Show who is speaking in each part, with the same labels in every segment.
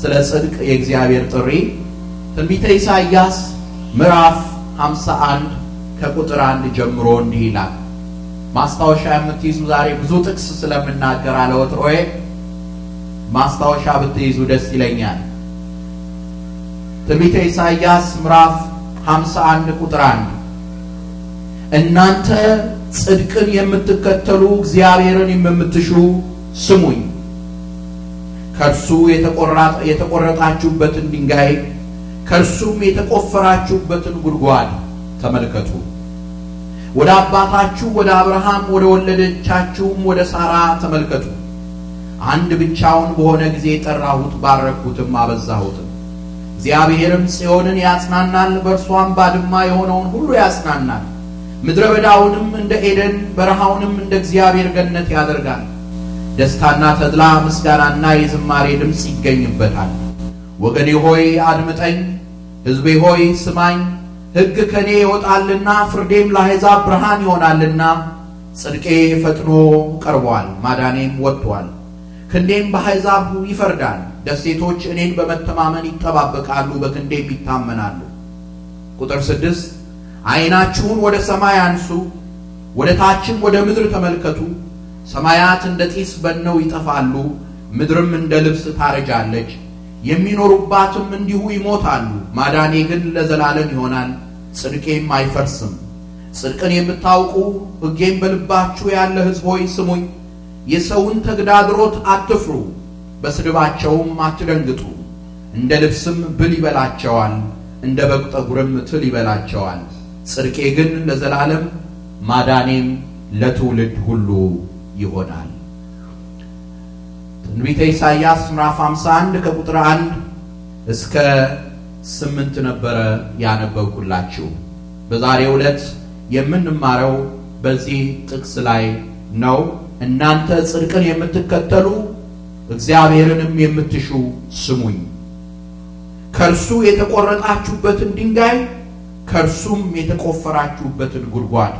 Speaker 1: ስለ ጽድቅ የእግዚአብሔር ጥሪ ትንቢተ ኢሳይያስ ምዕራፍ 51 ከቁጥር አንድ ጀምሮ እንዲህ ይላል። ማስታወሻ የምትይዙ ዛሬ ብዙ ጥቅስ ስለምናገር አለወትሮዬ ማስታወሻ ብትይዙ ደስ ይለኛል። ትንቢተ ኢሳይያስ ምዕራፍ 51 ቁጥር 1 እናንተ ጽድቅን የምትከተሉ እግዚአብሔርን የምትሹ ስሙኝ ከእርሱ የተቆረጣችሁበትን ድንጋይ ከእርሱም የተቆፈራችሁበትን ጉድጓድ ተመልከቱ። ወደ አባታችሁ ወደ አብርሃም ወደ ወለደቻችሁም ወደ ሳራ ተመልከቱ። አንድ ብቻውን በሆነ ጊዜ ጠራሁት፣ ባረኩትም፣ አበዛሁትም። እግዚአብሔርም ጽዮንን ያጽናናል፣ በእርሷም ባድማ የሆነውን ሁሉ ያጽናናል። ምድረ በዳውንም እንደ ኤደን በረሃውንም እንደ እግዚአብሔር ገነት ያደርጋል። ደስታና ተድላ ምስጋናና የዝማሬ ድምፅ ይገኝበታል። ወገኔ ሆይ አድምጠኝ፣ ሕዝቤ ሆይ ስማኝ። ሕግ ከኔ ይወጣልና ፍርዴም ለአሕዛብ ብርሃን ይሆናልና። ጽድቄ ፈጥኖ ቀርቧል፣ ማዳኔም ወጥቷል። ክንዴም በአሕዛብ ይፈርዳል። ደሴቶች እኔን በመተማመን ይጠባበቃሉ፣ በክንዴም ይታመናሉ። ቁጥር ስድስት ዐይናችሁን ወደ ሰማይ አንሱ፣ ወደ ታችም ወደ ምድር ተመልከቱ ሰማያት እንደ ጢስ በነው ይጠፋሉ፣ ምድርም እንደ ልብስ ታረጃለች። የሚኖሩባትም እንዲሁ ይሞታሉ። ማዳኔ ግን ለዘላለም ይሆናል፣ ጽድቄም አይፈርስም። ጽድቅን የምታውቁ ሕጌም በልባችሁ ያለ ሕዝብ ሆይ ስሙኝ። የሰውን ተግዳድሮት አትፍሩ፣ በስድባቸውም አትደንግጡ። እንደ ልብስም ብል ይበላቸዋል፣ እንደ በግ ጠጉርም ትል ይበላቸዋል። ጽድቄ ግን ለዘላለም ማዳኔም ለትውልድ ሁሉ ይሆናል። ትንቢተ ኢሳይያስ ምዕራፍ 51 ከቁጥር 1 እስከ 8 ነበረ ያነበብኩላችሁ። በዛሬው ዕለት የምንማረው በዚህ ጥቅስ ላይ ነው። እናንተ ጽድቅን የምትከተሉ እግዚአብሔርንም የምትሹ ስሙኝ፣ ከእርሱ የተቆረጣችሁበትን ድንጋይ ከእርሱም የተቆፈራችሁበትን ጉድጓድ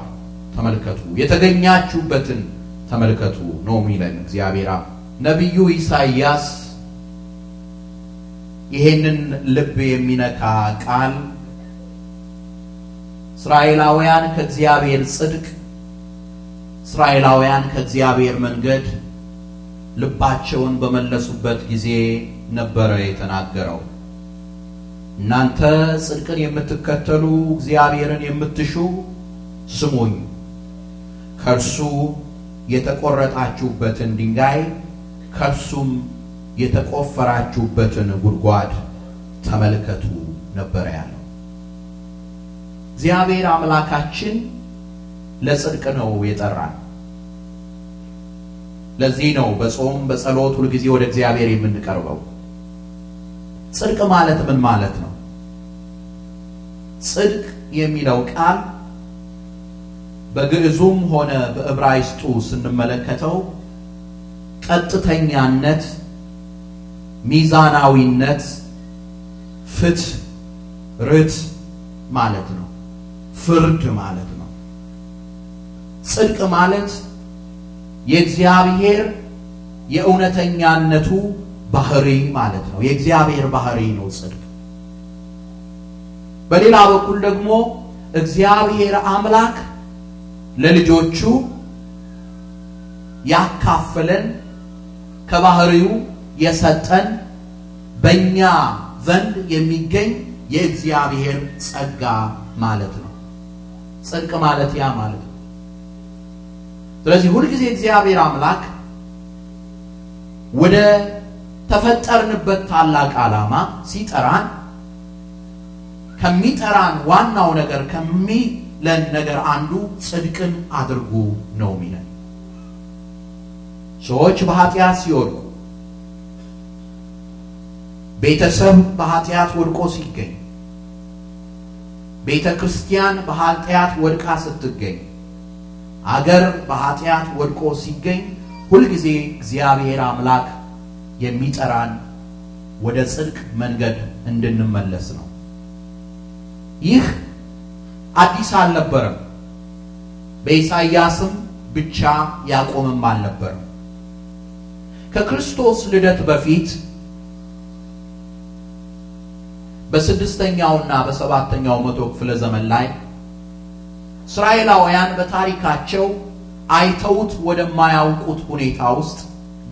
Speaker 1: ተመልከቱ፣ የተገኛችሁበትን ተመልከቱ ነው የሚለን እግዚአብሔር አብ። ነቢዩ ኢሳይያስ ይሄንን ልብ የሚነካ ቃል እስራኤላውያን ከእግዚአብሔር ጽድቅ፣ እስራኤላውያን ከእግዚአብሔር መንገድ ልባቸውን በመለሱበት ጊዜ ነበረ የተናገረው። እናንተ ጽድቅን የምትከተሉ እግዚአብሔርን የምትሹ ስሙኝ፣ ከእርሱ የተቆረጣችሁበትን ድንጋይ ከሱም የተቆፈራችሁበትን ጉድጓድ ተመልከቱ ነበር ያለው። እግዚአብሔር አምላካችን ለጽድቅ ነው የጠራን። ለዚህ ነው በጾም በጸሎት ሁልጊዜ ወደ እግዚአብሔር የምንቀርበው። ጽድቅ ማለት ምን ማለት ነው? ጽድቅ የሚለው ቃል በግዕዙም ሆነ በዕብራይስጡ ስንመለከተው ቀጥተኛነት፣ ሚዛናዊነት፣ ፍት ርት ማለት ነው። ፍርድ ማለት ነው። ጽድቅ ማለት የእግዚአብሔር የእውነተኛነቱ ባህሪ ማለት ነው። የእግዚአብሔር ባህሪ ነው ጽድቅ። በሌላ በኩል ደግሞ እግዚአብሔር አምላክ ለልጆቹ ያካፈለን ከባህሪው የሰጠን በእኛ ዘንድ የሚገኝ የእግዚአብሔር ጸጋ ማለት ነው። ጽድቅ ማለት ያ ማለት ነው። ስለዚህ ሁልጊዜ እግዚአብሔር አምላክ ወደ ተፈጠርንበት ታላቅ ዓላማ ሲጠራን ከሚጠራን ዋናው ነገር ከሚ ለን ነገር አንዱ ጽድቅን አድርጉ ነው የሚለን። ሰዎች በኃጢአት ሲወድቁ፣ ቤተሰብ በኃጢአት ወድቆ ሲገኝ፣ ቤተ ክርስቲያን በኃጢአት ወድቃ ስትገኝ፣ አገር በኃጢአት ወድቆ ሲገኝ፣ ሁልጊዜ እግዚአብሔር አምላክ የሚጠራን ወደ ጽድቅ መንገድ እንድንመለስ ነው። ይህ አዲስ አልነበረም። በኢሳይያስም ብቻ ያቆምም አልነበረም። ከክርስቶስ ልደት በፊት በስድስተኛውና በሰባተኛው መቶ ክፍለ ዘመን ላይ እስራኤላውያን በታሪካቸው አይተውት ወደማያውቁት ሁኔታ ውስጥ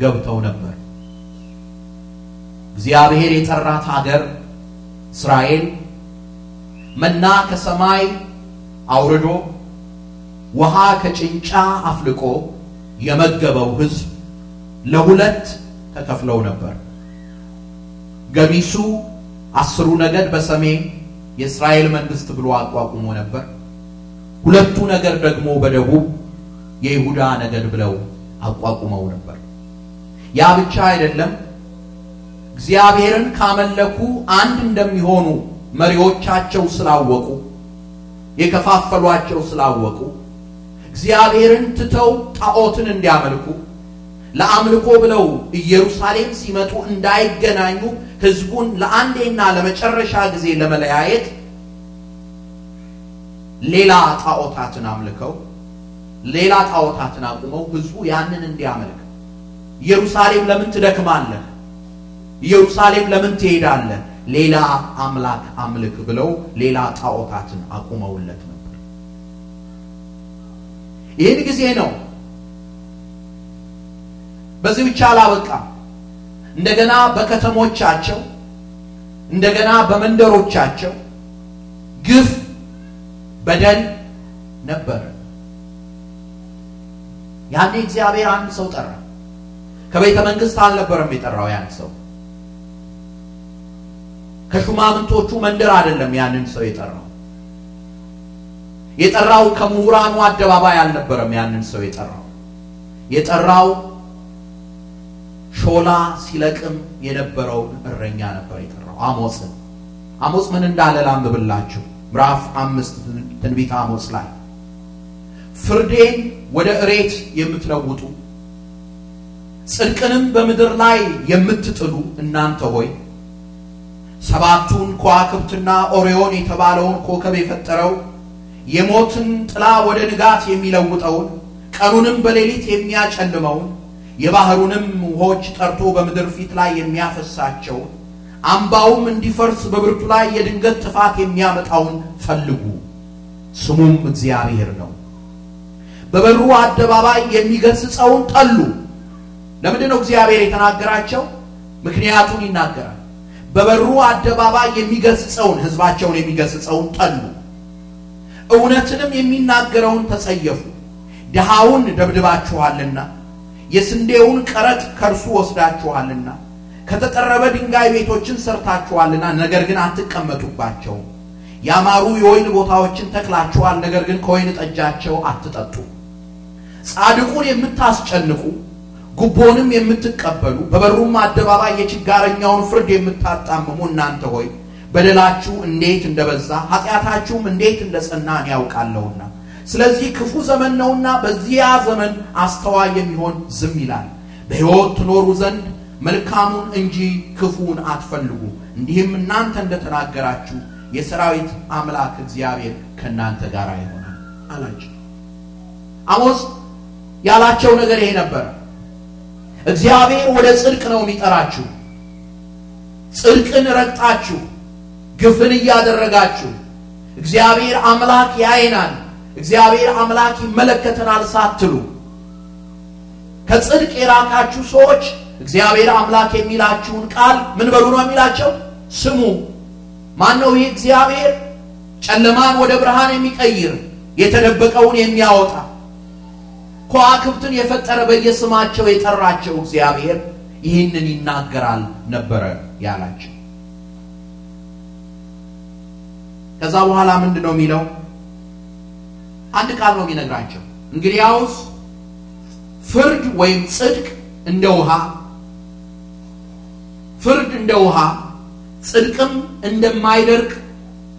Speaker 1: ገብተው ነበር። እግዚአብሔር የጠራት ሀገር እስራኤል መና ከሰማይ አውርዶ ውሃ ከጭንጫ አፍልቆ የመገበው ሕዝብ ለሁለት ተከፍለው ነበር። ገሚሱ አስሩ ነገድ በሰሜን የእስራኤል መንግስት ብሎ አቋቁሞ ነበር። ሁለቱ ነገር ደግሞ በደቡብ የይሁዳ ነገድ ብለው አቋቁመው ነበር። ያ ብቻ አይደለም። እግዚአብሔርን ካመለኩ አንድ እንደሚሆኑ መሪዎቻቸው ስላወቁ የከፋፈሏቸው ስላወቁ እግዚአብሔርን ትተው ጣዖትን እንዲያመልኩ ለአምልኮ ብለው ኢየሩሳሌም ሲመጡ እንዳይገናኙ ሕዝቡን ለአንዴና ለመጨረሻ ጊዜ ለመለያየት ሌላ ጣዖታትን አምልከው ሌላ ጣዖታትን አቁመው ሕዝቡ ያንን እንዲያመልክ ኢየሩሳሌም ለምን ትደክማለህ? ኢየሩሳሌም ለምን ትሄዳለህ? ሌላ አምላክ አምልክ ብለው ሌላ ጣዖታትን አቁመውለት ነበር። ይህን ጊዜ ነው በዚህ ብቻ አላበቃም። እንደገና በከተሞቻቸው እንደገና በመንደሮቻቸው ግፍ፣ በደል ነበር። ያኔ እግዚአብሔር አንድ ሰው ጠራ። ከቤተ መንግስት አልነበረም የጠራው ያን ሰው ከሹማምንቶቹ መንደር አይደለም ያንን ሰው የጠራው። የጠራው ከምሁራኑ አደባባይ አልነበረም። ያንን ሰው የጠራው የጠራው ሾላ ሲለቅም የነበረውን እረኛ ነበር የጠራው አሞጽን። አሞጽ ምን እንዳለ ላንብብላችሁ። ምዕራፍ አምስት ትንቢት አሞጽ ላይ ፍርዴን ወደ እሬት የምትለውጡ ጽድቅንም በምድር ላይ የምትጥሉ እናንተ ሆይ ሰባቱን ከዋክብትና ኦሪዮን የተባለውን ኮከብ የፈጠረው የሞትን ጥላ ወደ ንጋት የሚለውጠውን ቀኑንም በሌሊት የሚያጨልመውን የባህሩንም ውሆች ጠርቶ በምድር ፊት ላይ የሚያፈሳቸውን አምባውም እንዲፈርስ በብርቱ ላይ የድንገት ጥፋት የሚያመጣውን ፈልጉ። ስሙም እግዚአብሔር ነው። በበሩ አደባባይ የሚገስጸውን ጠሉ። ለምንድን ነው እግዚአብሔር የተናገራቸው? ምክንያቱን ይናገራል። በበሩ አደባባይ የሚገስጸውን ህዝባቸውን የሚገስጸውን ጠሉ። እውነትንም የሚናገረውን ተጸየፉ። ድሃውን ደብድባችኋልና የስንዴውን ቀረጥ ከእርሱ ወስዳችኋልና ከተጠረበ ድንጋይ ቤቶችን ሰርታችኋልና፣ ነገር ግን አትቀመጡባቸውም። ያማሩ የወይን ቦታዎችን ተክላችኋል፣ ነገር ግን ከወይን ጠጃቸው አትጠጡ። ጻድቁን የምታስጨንቁ ጉቦንም የምትቀበሉ በበሩም አደባባይ የችጋረኛውን ፍርድ የምታጣምሙ እናንተ ሆይ በደላችሁ እንዴት እንደበዛ ኃጢአታችሁም እንዴት እንደጸና እኔ ያውቃለሁና፣ ስለዚህ ክፉ ዘመን ነውና በዚያ ዘመን አስተዋይ የሚሆን ዝም ይላል። በሕይወት ትኖሩ ዘንድ መልካሙን እንጂ ክፉውን አትፈልጉ። እንዲህም እናንተ እንደተናገራችሁ የሰራዊት አምላክ እግዚአብሔር ከእናንተ ጋር ይሆናል አላቸው። አሞጽ ያላቸው ነገር ይሄ ነበር። እግዚአብሔር ወደ ጽድቅ ነው የሚጠራችሁ። ጽድቅን ረግጣችሁ ግፍን እያደረጋችሁ እግዚአብሔር አምላክ ያይናል፣ እግዚአብሔር አምላክ ይመለከተናል ሳትሉ ከጽድቅ የራካችሁ ሰዎች እግዚአብሔር አምላክ የሚላችሁን ቃል ምን በሉ ነው የሚላቸው? ስሙ። ማን ነው ይህ እግዚአብሔር? ጨለማን ወደ ብርሃን የሚቀይር የተደበቀውን የሚያወጣ ከዋክብትን የፈጠረ በየስማቸው የጠራቸው እግዚአብሔር ይህንን ይናገራል ነበረ ያላቸው። ከዛ በኋላ ምንድን ነው የሚለው? አንድ ቃል ነው የሚነግራቸው። እንግዲያውስ ፍርድ ወይም ጽድቅ እንደ ውሃ፣ ፍርድ እንደ ውሃ፣ ጽድቅም እንደማይደርቅ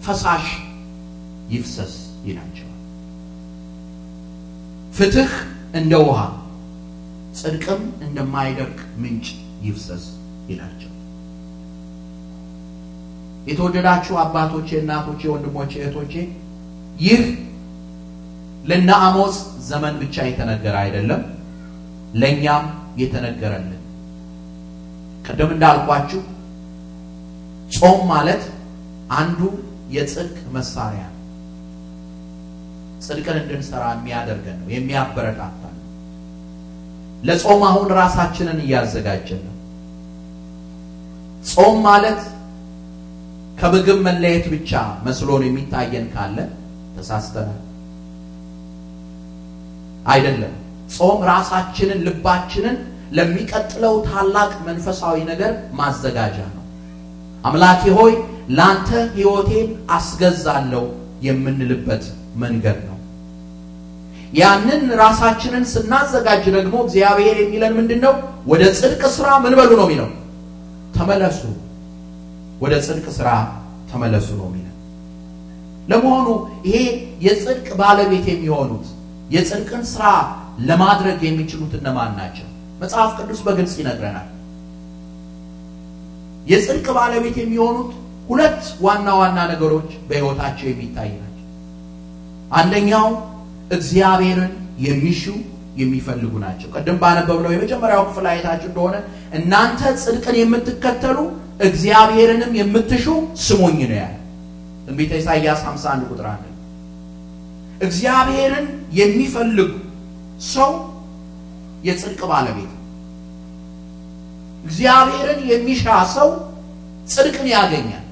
Speaker 1: ፈሳሽ ይፍሰስ ይላቸዋል። ፍትህ እንደ ውሃ ጽድቅም እንደማይደርቅ ምንጭ ይፍሰስ ይላቸው። የተወደዳችሁ አባቶቼ፣ እናቶቼ፣ ወንድሞቼ፣ እህቶቼ ይህ ለነ ዘመን ብቻ የተነገረ አይደለም፣ ለእኛም የተነገረልን። ቅድም እንዳልኳችሁ ጾም ማለት አንዱ የጽድቅ መሳሪያ ነው። ጽድቅን እንድንሰራ የሚያደርገን ነው፣ የሚያበረታ ለጾም አሁን ራሳችንን እያዘጋጀን ነው። ጾም ማለት ከምግብ መለየት ብቻ መስሎን የሚታየን ካለ ተሳስተናል። አይደለም። ጾም ራሳችንን ልባችንን ለሚቀጥለው ታላቅ መንፈሳዊ ነገር ማዘጋጃ ነው። አምላኬ ሆይ ላንተ ሕይወቴን አስገዛለሁ የምንልበት መንገድ ነው። ያንን ራሳችንን ስናዘጋጅ ደግሞ እግዚአብሔር የሚለን ምንድን ነው? ወደ ጽድቅ ስራ ምን በሉ ነው የሚለው? ተመለሱ፣ ወደ ጽድቅ ስራ ተመለሱ ነው የሚለው። ለመሆኑ ይሄ የጽድቅ ባለቤት የሚሆኑት የጽድቅን ስራ ለማድረግ የሚችሉት እነማን ናቸው? መጽሐፍ ቅዱስ በግልጽ ይነግረናል። የጽድቅ ባለቤት የሚሆኑት ሁለት ዋና ዋና ነገሮች በሕይወታቸው የሚታይ ናቸው። አንደኛው እግዚአብሔርን የሚሹ የሚፈልጉ ናቸው። ቅድም ባነበብነው የመጀመሪያው ክፍል አይታችሁ እንደሆነ እናንተ ጽድቅን የምትከተሉ እግዚአብሔርንም የምትሹ ስሙኝ ነው ያለ ትንቢተ ኢሳይያስ 51 ቁጥር 1 እግዚአብሔርን የሚፈልጉ ሰው የጽድቅ ባለቤት እግዚአብሔርን የሚሻ ሰው ጽድቅን ያገኛል።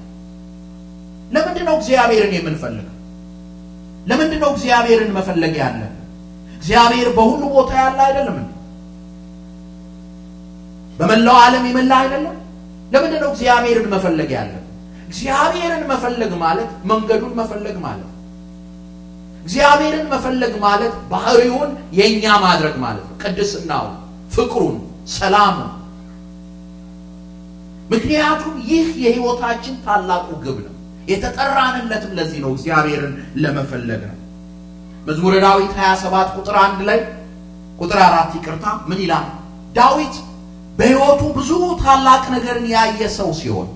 Speaker 1: ለምንድን ነው እግዚአብሔርን የምንፈልገው? ለምንድን ነው እግዚአብሔርን መፈለግ ያለ? እግዚአብሔር በሁሉ ቦታ ያለ አይደለም በመላው ዓለም የመላ አይደለም? ለምንድን ነው እግዚአብሔርን መፈለግ ያለ? እግዚአብሔርን መፈለግ ማለት መንገዱን መፈለግ ማለት እግዚአብሔርን መፈለግ ማለት ባህሪውን የኛ ማድረግ ማለት ነው። ቅድስናው፣ ፍቅሩን፣ ሰላሙ። ምክንያቱም ይህ የህይወታችን ታላቁ ግብ ነው። የተጠራንለትም ለዚህ ነው፣ እግዚአብሔርን ለመፈለግ ነው። መዝሙረ ዳዊት 27 ቁጥር 1 ላይ ቁጥር 4 ይቅርታ፣ ምን ይላል? ዳዊት በሕይወቱ ብዙ ታላቅ ነገርን ያየ ሰው ሲሆን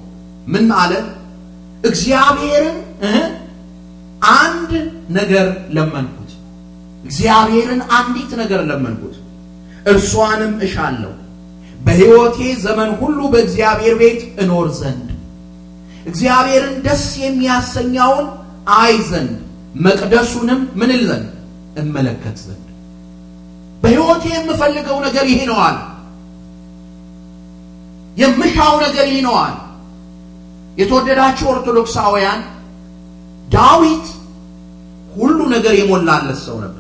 Speaker 1: ምን አለ? እግዚአብሔርን አንድ ነገር ለመንኩት፣ እግዚአብሔርን አንዲት ነገር ለመንኩት፣ እርሷንም እሻለሁ፣ በሕይወቴ ዘመን ሁሉ በእግዚአብሔር ቤት እኖር ዘንድ እግዚአብሔርን ደስ የሚያሰኛውን አይ ዘንድ መቅደሱንም ምን ዘንድ እመለከት ዘንድ በሕይወቴ የምፈልገው ነገር ይህ ነዋል። የምሻው ነገር ይህ ነዋል። የተወደዳችሁ ኦርቶዶክሳውያን ዳዊት ሁሉ ነገር የሞላለት ሰው ነበር።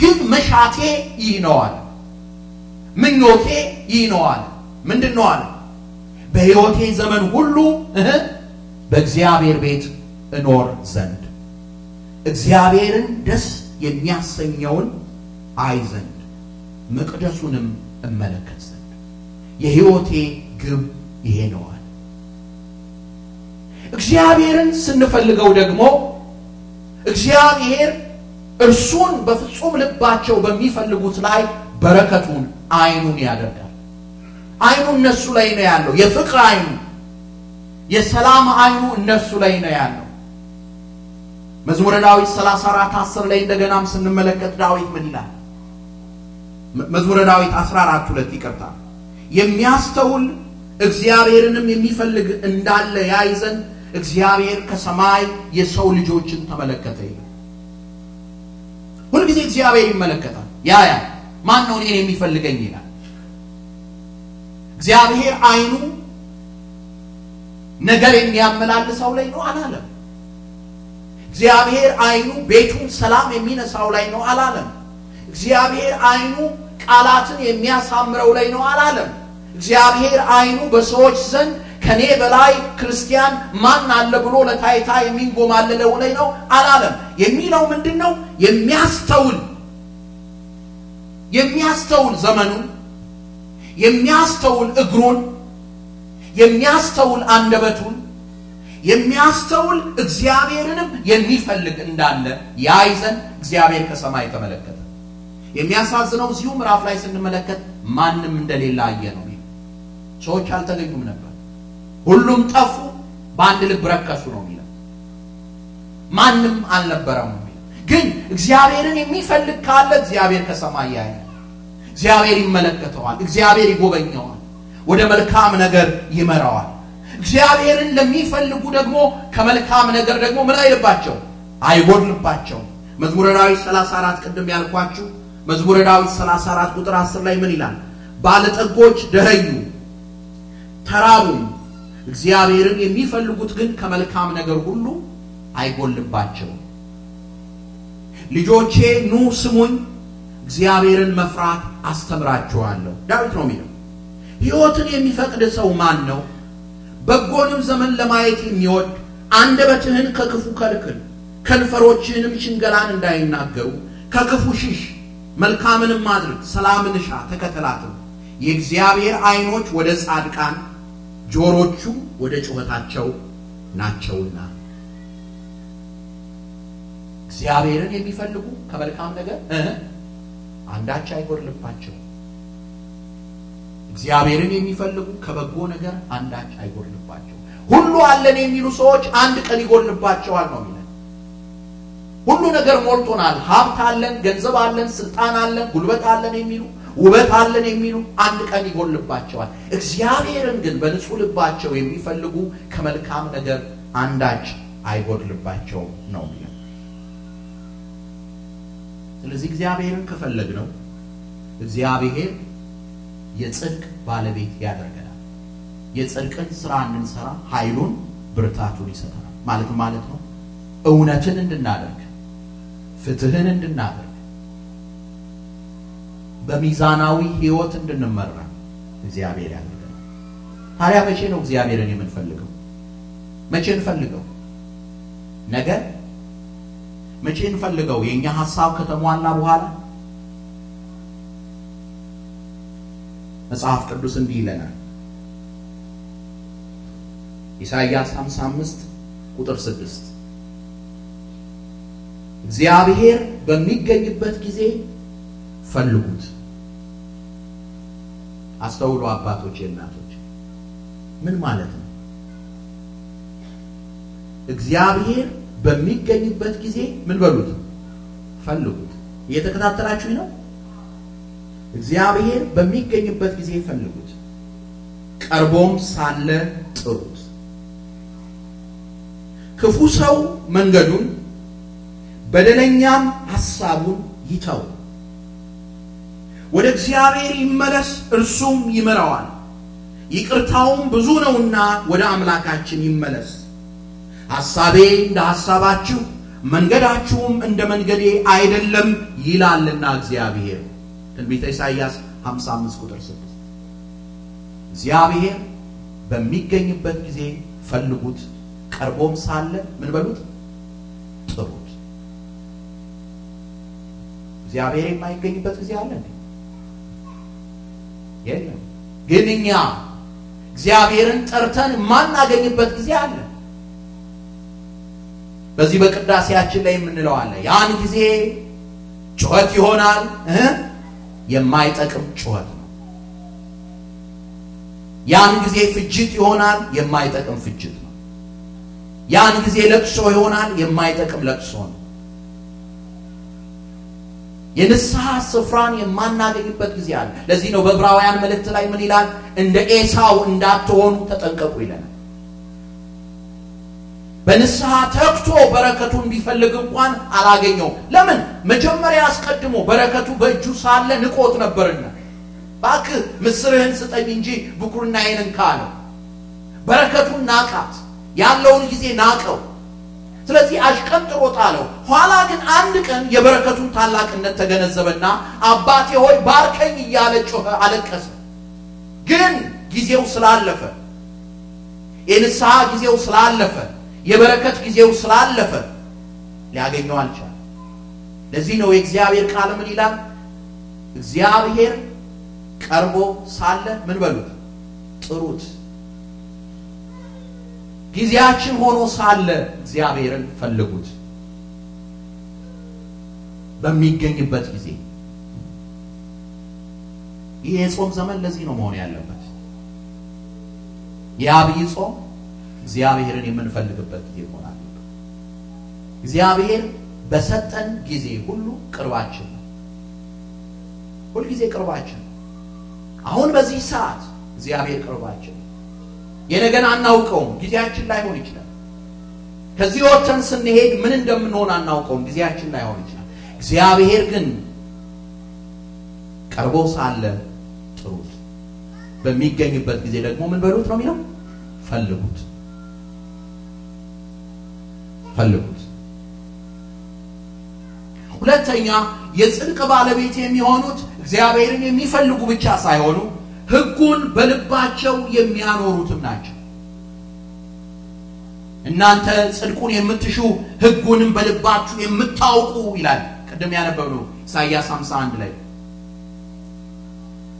Speaker 1: ግን መሻቴ ይህ ነዋል፣ ምኞቴ ይህ ነዋል። ምንድን ነው አለ በሕይወቴ ዘመን ሁሉ በእግዚአብሔር ቤት እኖር ዘንድ እግዚአብሔርን ደስ የሚያሰኘውን አይ ዘንድ መቅደሱንም እመለከት ዘንድ የሕይወቴ ግብ ይሄ ነዋል። እግዚአብሔርን ስንፈልገው ደግሞ እግዚአብሔር እርሱን በፍጹም ልባቸው በሚፈልጉት ላይ በረከቱን አይኑን ያደርጋል። አይኑ እነሱ ላይ ነው ያለው። የፍቅር አይኑ፣ የሰላም አይኑ እነሱ ላይ ነው ያለው። መዝሙረ ዳዊት 34 10 ላይ እንደገናም ስንመለከት ዳዊት ምን ይላል? መዝሙረ ዳዊት 14 2 ይቅርታ የሚያስተውል እግዚአብሔርንም የሚፈልግ እንዳለ ያይ ዘንድ እግዚአብሔር ከሰማይ የሰው ልጆችን ተመለከተ ይላል። ሁልጊዜ እግዚአብሔር ይመለከታል። ያ ያ ማን ነው እኔን የሚፈልገኝ ይላል። እግዚአብሔር አይኑ ነገር የሚያመላልሰው ላይ ነው አላለም። እግዚአብሔር አይኑ ቤቱን ሰላም የሚነሳው ላይ ነው አላለም። እግዚአብሔር አይኑ ቃላትን የሚያሳምረው ላይ ነው አላለም። እግዚአብሔር አይኑ በሰዎች ዘንድ ከኔ በላይ ክርስቲያን ማን አለ ብሎ ለታይታ የሚንጎማለለው ላይ ነው አላለም። የሚለው ምንድን ነው? የሚያስተውል የሚያስተውል ዘመኑን የሚያስተውል እግሩን፣ የሚያስተውል አንደበቱን፣ የሚያስተውል እግዚአብሔርንም የሚፈልግ እንዳለ ያይዘን እግዚአብሔር ከሰማይ ተመለከተ። የሚያሳዝነው እዚሁ ምዕራፍ ላይ ስንመለከት ማንም እንደሌለ አየ ነው። ሰዎች አልተገኙም ነበር፣ ሁሉም ጠፉ፣ በአንድ ልብ ረከሱ ነው የሚለው። ማንም አልነበረም። ግን እግዚአብሔርን የሚፈልግ ካለ እግዚአብሔር ከሰማይ ያያል። እግዚአብሔር ይመለከተዋል። እግዚአብሔር ይጎበኘዋል። ወደ መልካም ነገር ይመራዋል። እግዚአብሔርን ለሚፈልጉ ደግሞ ከመልካም ነገር ደግሞ ምን አይልባቸው አይጎድልባቸው። መዝሙረ ዳዊት 34 ቅድም ያልኳችሁ መዝሙረ ዳዊት 34 ቁጥር 10 ላይ ምን ይላል? ባለጠጎች ደኸዩ ተራቡ፣ እግዚአብሔርን የሚፈልጉት ግን ከመልካም ነገር ሁሉ አይጎልባቸው። ልጆቼ ኑ ስሙኝ እግዚአብሔርን መፍራት አስተምራችኋለሁ። ዳዊት ነው የሚለው። ሕይወትን የሚፈቅድ ሰው ማን ነው? በጎንም ዘመን ለማየት የሚወድ አንደበትህን ከክፉ ከልክል፣ ከንፈሮችህንም ሽንገላን እንዳይናገሩ ከክፉ ሽሽ፣ መልካምንም አድርግ፣ ሰላምን እሻ ተከተላትም። የእግዚአብሔር ዐይኖች ወደ ጻድቃን፣ ጆሮቹ ወደ ጩኸታቸው ናቸውና። እግዚአብሔርን የሚፈልጉ ከመልካም ነገር አንዳች አይጎድልባቸው። እግዚአብሔርን የሚፈልጉ ከበጎ ነገር አንዳች አይጎርልባቸው። ሁሉ አለን የሚሉ ሰዎች አንድ ቀን ይጎርልባቸዋል ነው የሚለን። ሁሉ ነገር ሞልቶናል፣ ሀብት አለን፣ ገንዘብ አለን፣ ስልጣን አለን፣ ጉልበት አለን የሚሉ ውበት አለን የሚሉ አንድ ቀን ይጎርልባቸዋል። እግዚአብሔርን ግን በንጹህ ልባቸው የሚፈልጉ ከመልካም ነገር አንዳች አይጎድልባቸውም ነው። ስለዚህ እግዚአብሔርን ከፈለግ ነው እግዚአብሔር የጽድቅ ባለቤት ያደርገናል። የጽድቅን ስራ እንድንሰራ ኃይሉን ብርታቱን ይሰጠናል። ማለትም ማለት ነው እውነትን እንድናደርግ ፍትህን እንድናደርግ በሚዛናዊ ህይወት እንድንመራ እግዚአብሔር ያደርገናል። ታዲያ መቼ ነው እግዚአብሔርን የምንፈልገው? መቼ እንፈልገው? ነገር መቼ እንፈልገው? የእኛ ሀሳብ ከተሟላ በኋላ መጽሐፍ ቅዱስ እንዲህ ይለናል። ኢሳይያስ 55 ቁጥር 6 እግዚአብሔር በሚገኝበት ጊዜ ፈልጉት። አስተውሎ አባቶች፣ እናቶች ምን ማለት ነው? እግዚአብሔር በሚገኝበት ጊዜ ምን በሉት ፈልጉት። እየተከታተላችሁኝ ነው። እግዚአብሔር በሚገኝበት ጊዜ ፈልጉት፣ ቀርቦም ሳለ ጥሩት። ክፉ ሰው መንገዱን በደለኛም ሐሳቡን ይተው፣ ወደ እግዚአብሔር ይመለስ፣ እርሱም ይምረዋል፣ ይቅርታውም ብዙ ነውና ወደ አምላካችን ይመለስ። ሐሳቤ እንደ ሐሳባችሁ መንገዳችሁም እንደ መንገዴ አይደለም ይላልና እግዚአብሔር። ትንቢተ ኢሳይያስ 55 ቁጥር 6 እግዚአብሔር በሚገኝበት ጊዜ ፈልጉት፣ ቀርቦም ሳለ ምን በሉት ጥሩት። እግዚአብሔር የማይገኝበት ጊዜ አለ እንዴ? የለም። ግን እኛ እግዚአብሔርን ጠርተን የማናገኝበት ጊዜ አለ። በዚህ በቅዳሴያችን ላይ የምንለው አለ። ያን ጊዜ ጩኸት ይሆናል የማይጠቅም ጩኸት ነው። ያን ጊዜ ፍጅት ይሆናል፣ የማይጠቅም ፍጅት ነው። ያን ጊዜ ለቅሶ ይሆናል፣ የማይጠቅም ለቅሶ ነው። የንስሐ ስፍራን የማናገኝበት ጊዜ አለ። ለዚህ ነው በዕብራውያን መልእክት ላይ ምን ይላል? እንደ ኤሳው እንዳትሆኑ ተጠንቀቁ ይለናል። በንስሐ ተክቶ በረከቱን ቢፈልግ እንኳን አላገኘው። ለምን? መጀመሪያ አስቀድሞ በረከቱ በእጁ ሳለ ንቆት ነበርና፣ እባክህ ምስርህን ስጠኝ እንጂ ብኩርናዬን እንካ አለው። በረከቱን ናቃት፣ ያለውን ጊዜ ናቀው። ስለዚህ አሽቀንጥሮ ጣለው። ኋላ ግን አንድ ቀን የበረከቱን ታላቅነት ተገነዘበና አባቴ ሆይ ባርከኝ እያለ ጮኸ፣ አለቀሰ። ግን ጊዜው ስላለፈ የንስሐ ጊዜው ስላለፈ የበረከት ጊዜው ስላለፈ ሊያገኘው አልቻለም። ለዚህ ነው የእግዚአብሔር ቃል ምን ይላል? እግዚአብሔር ቀርቦ ሳለ ምን በሉት? ጥሩት። ጊዜያችን ሆኖ ሳለ እግዚአብሔርን ፈልጉት በሚገኝበት ጊዜ። ይህ የጾም ዘመን ለዚህ ነው መሆን ያለበት። የአብይ ጾም እግዚአብሔርን የምንፈልግበት ጊዜ መሆን አለበት። እግዚአብሔር በሰጠን ጊዜ ሁሉ ቅርባችን ነው። ሁልጊዜ ቅርባችን ነው። አሁን በዚህ ሰዓት እግዚአብሔር ቅርባችን ነው። የነገን አናውቀውም። ጊዜያችን ላይሆን ይችላል። ከዚህ ወጥተን ስንሄድ ምን እንደምንሆን አናውቀውም። ጊዜያችን ላይሆን ይችላል። እግዚአብሔር ግን ቀርቦ ሳለ ጥሩት፣ በሚገኝበት ጊዜ ደግሞ ምን በሉት ነው የሚለው ፈልጉት ፈልጉት። ሁለተኛ የጽድቅ ባለቤት የሚሆኑት እግዚአብሔርን የሚፈልጉ ብቻ ሳይሆኑ ሕጉን በልባቸው የሚያኖሩትም ናቸው። እናንተ ጽድቁን የምትሹ ሕጉንም በልባችሁ የምታውቁ ይላል። ቅድም ያነበብነው ኢሳይያስ 51 ላይ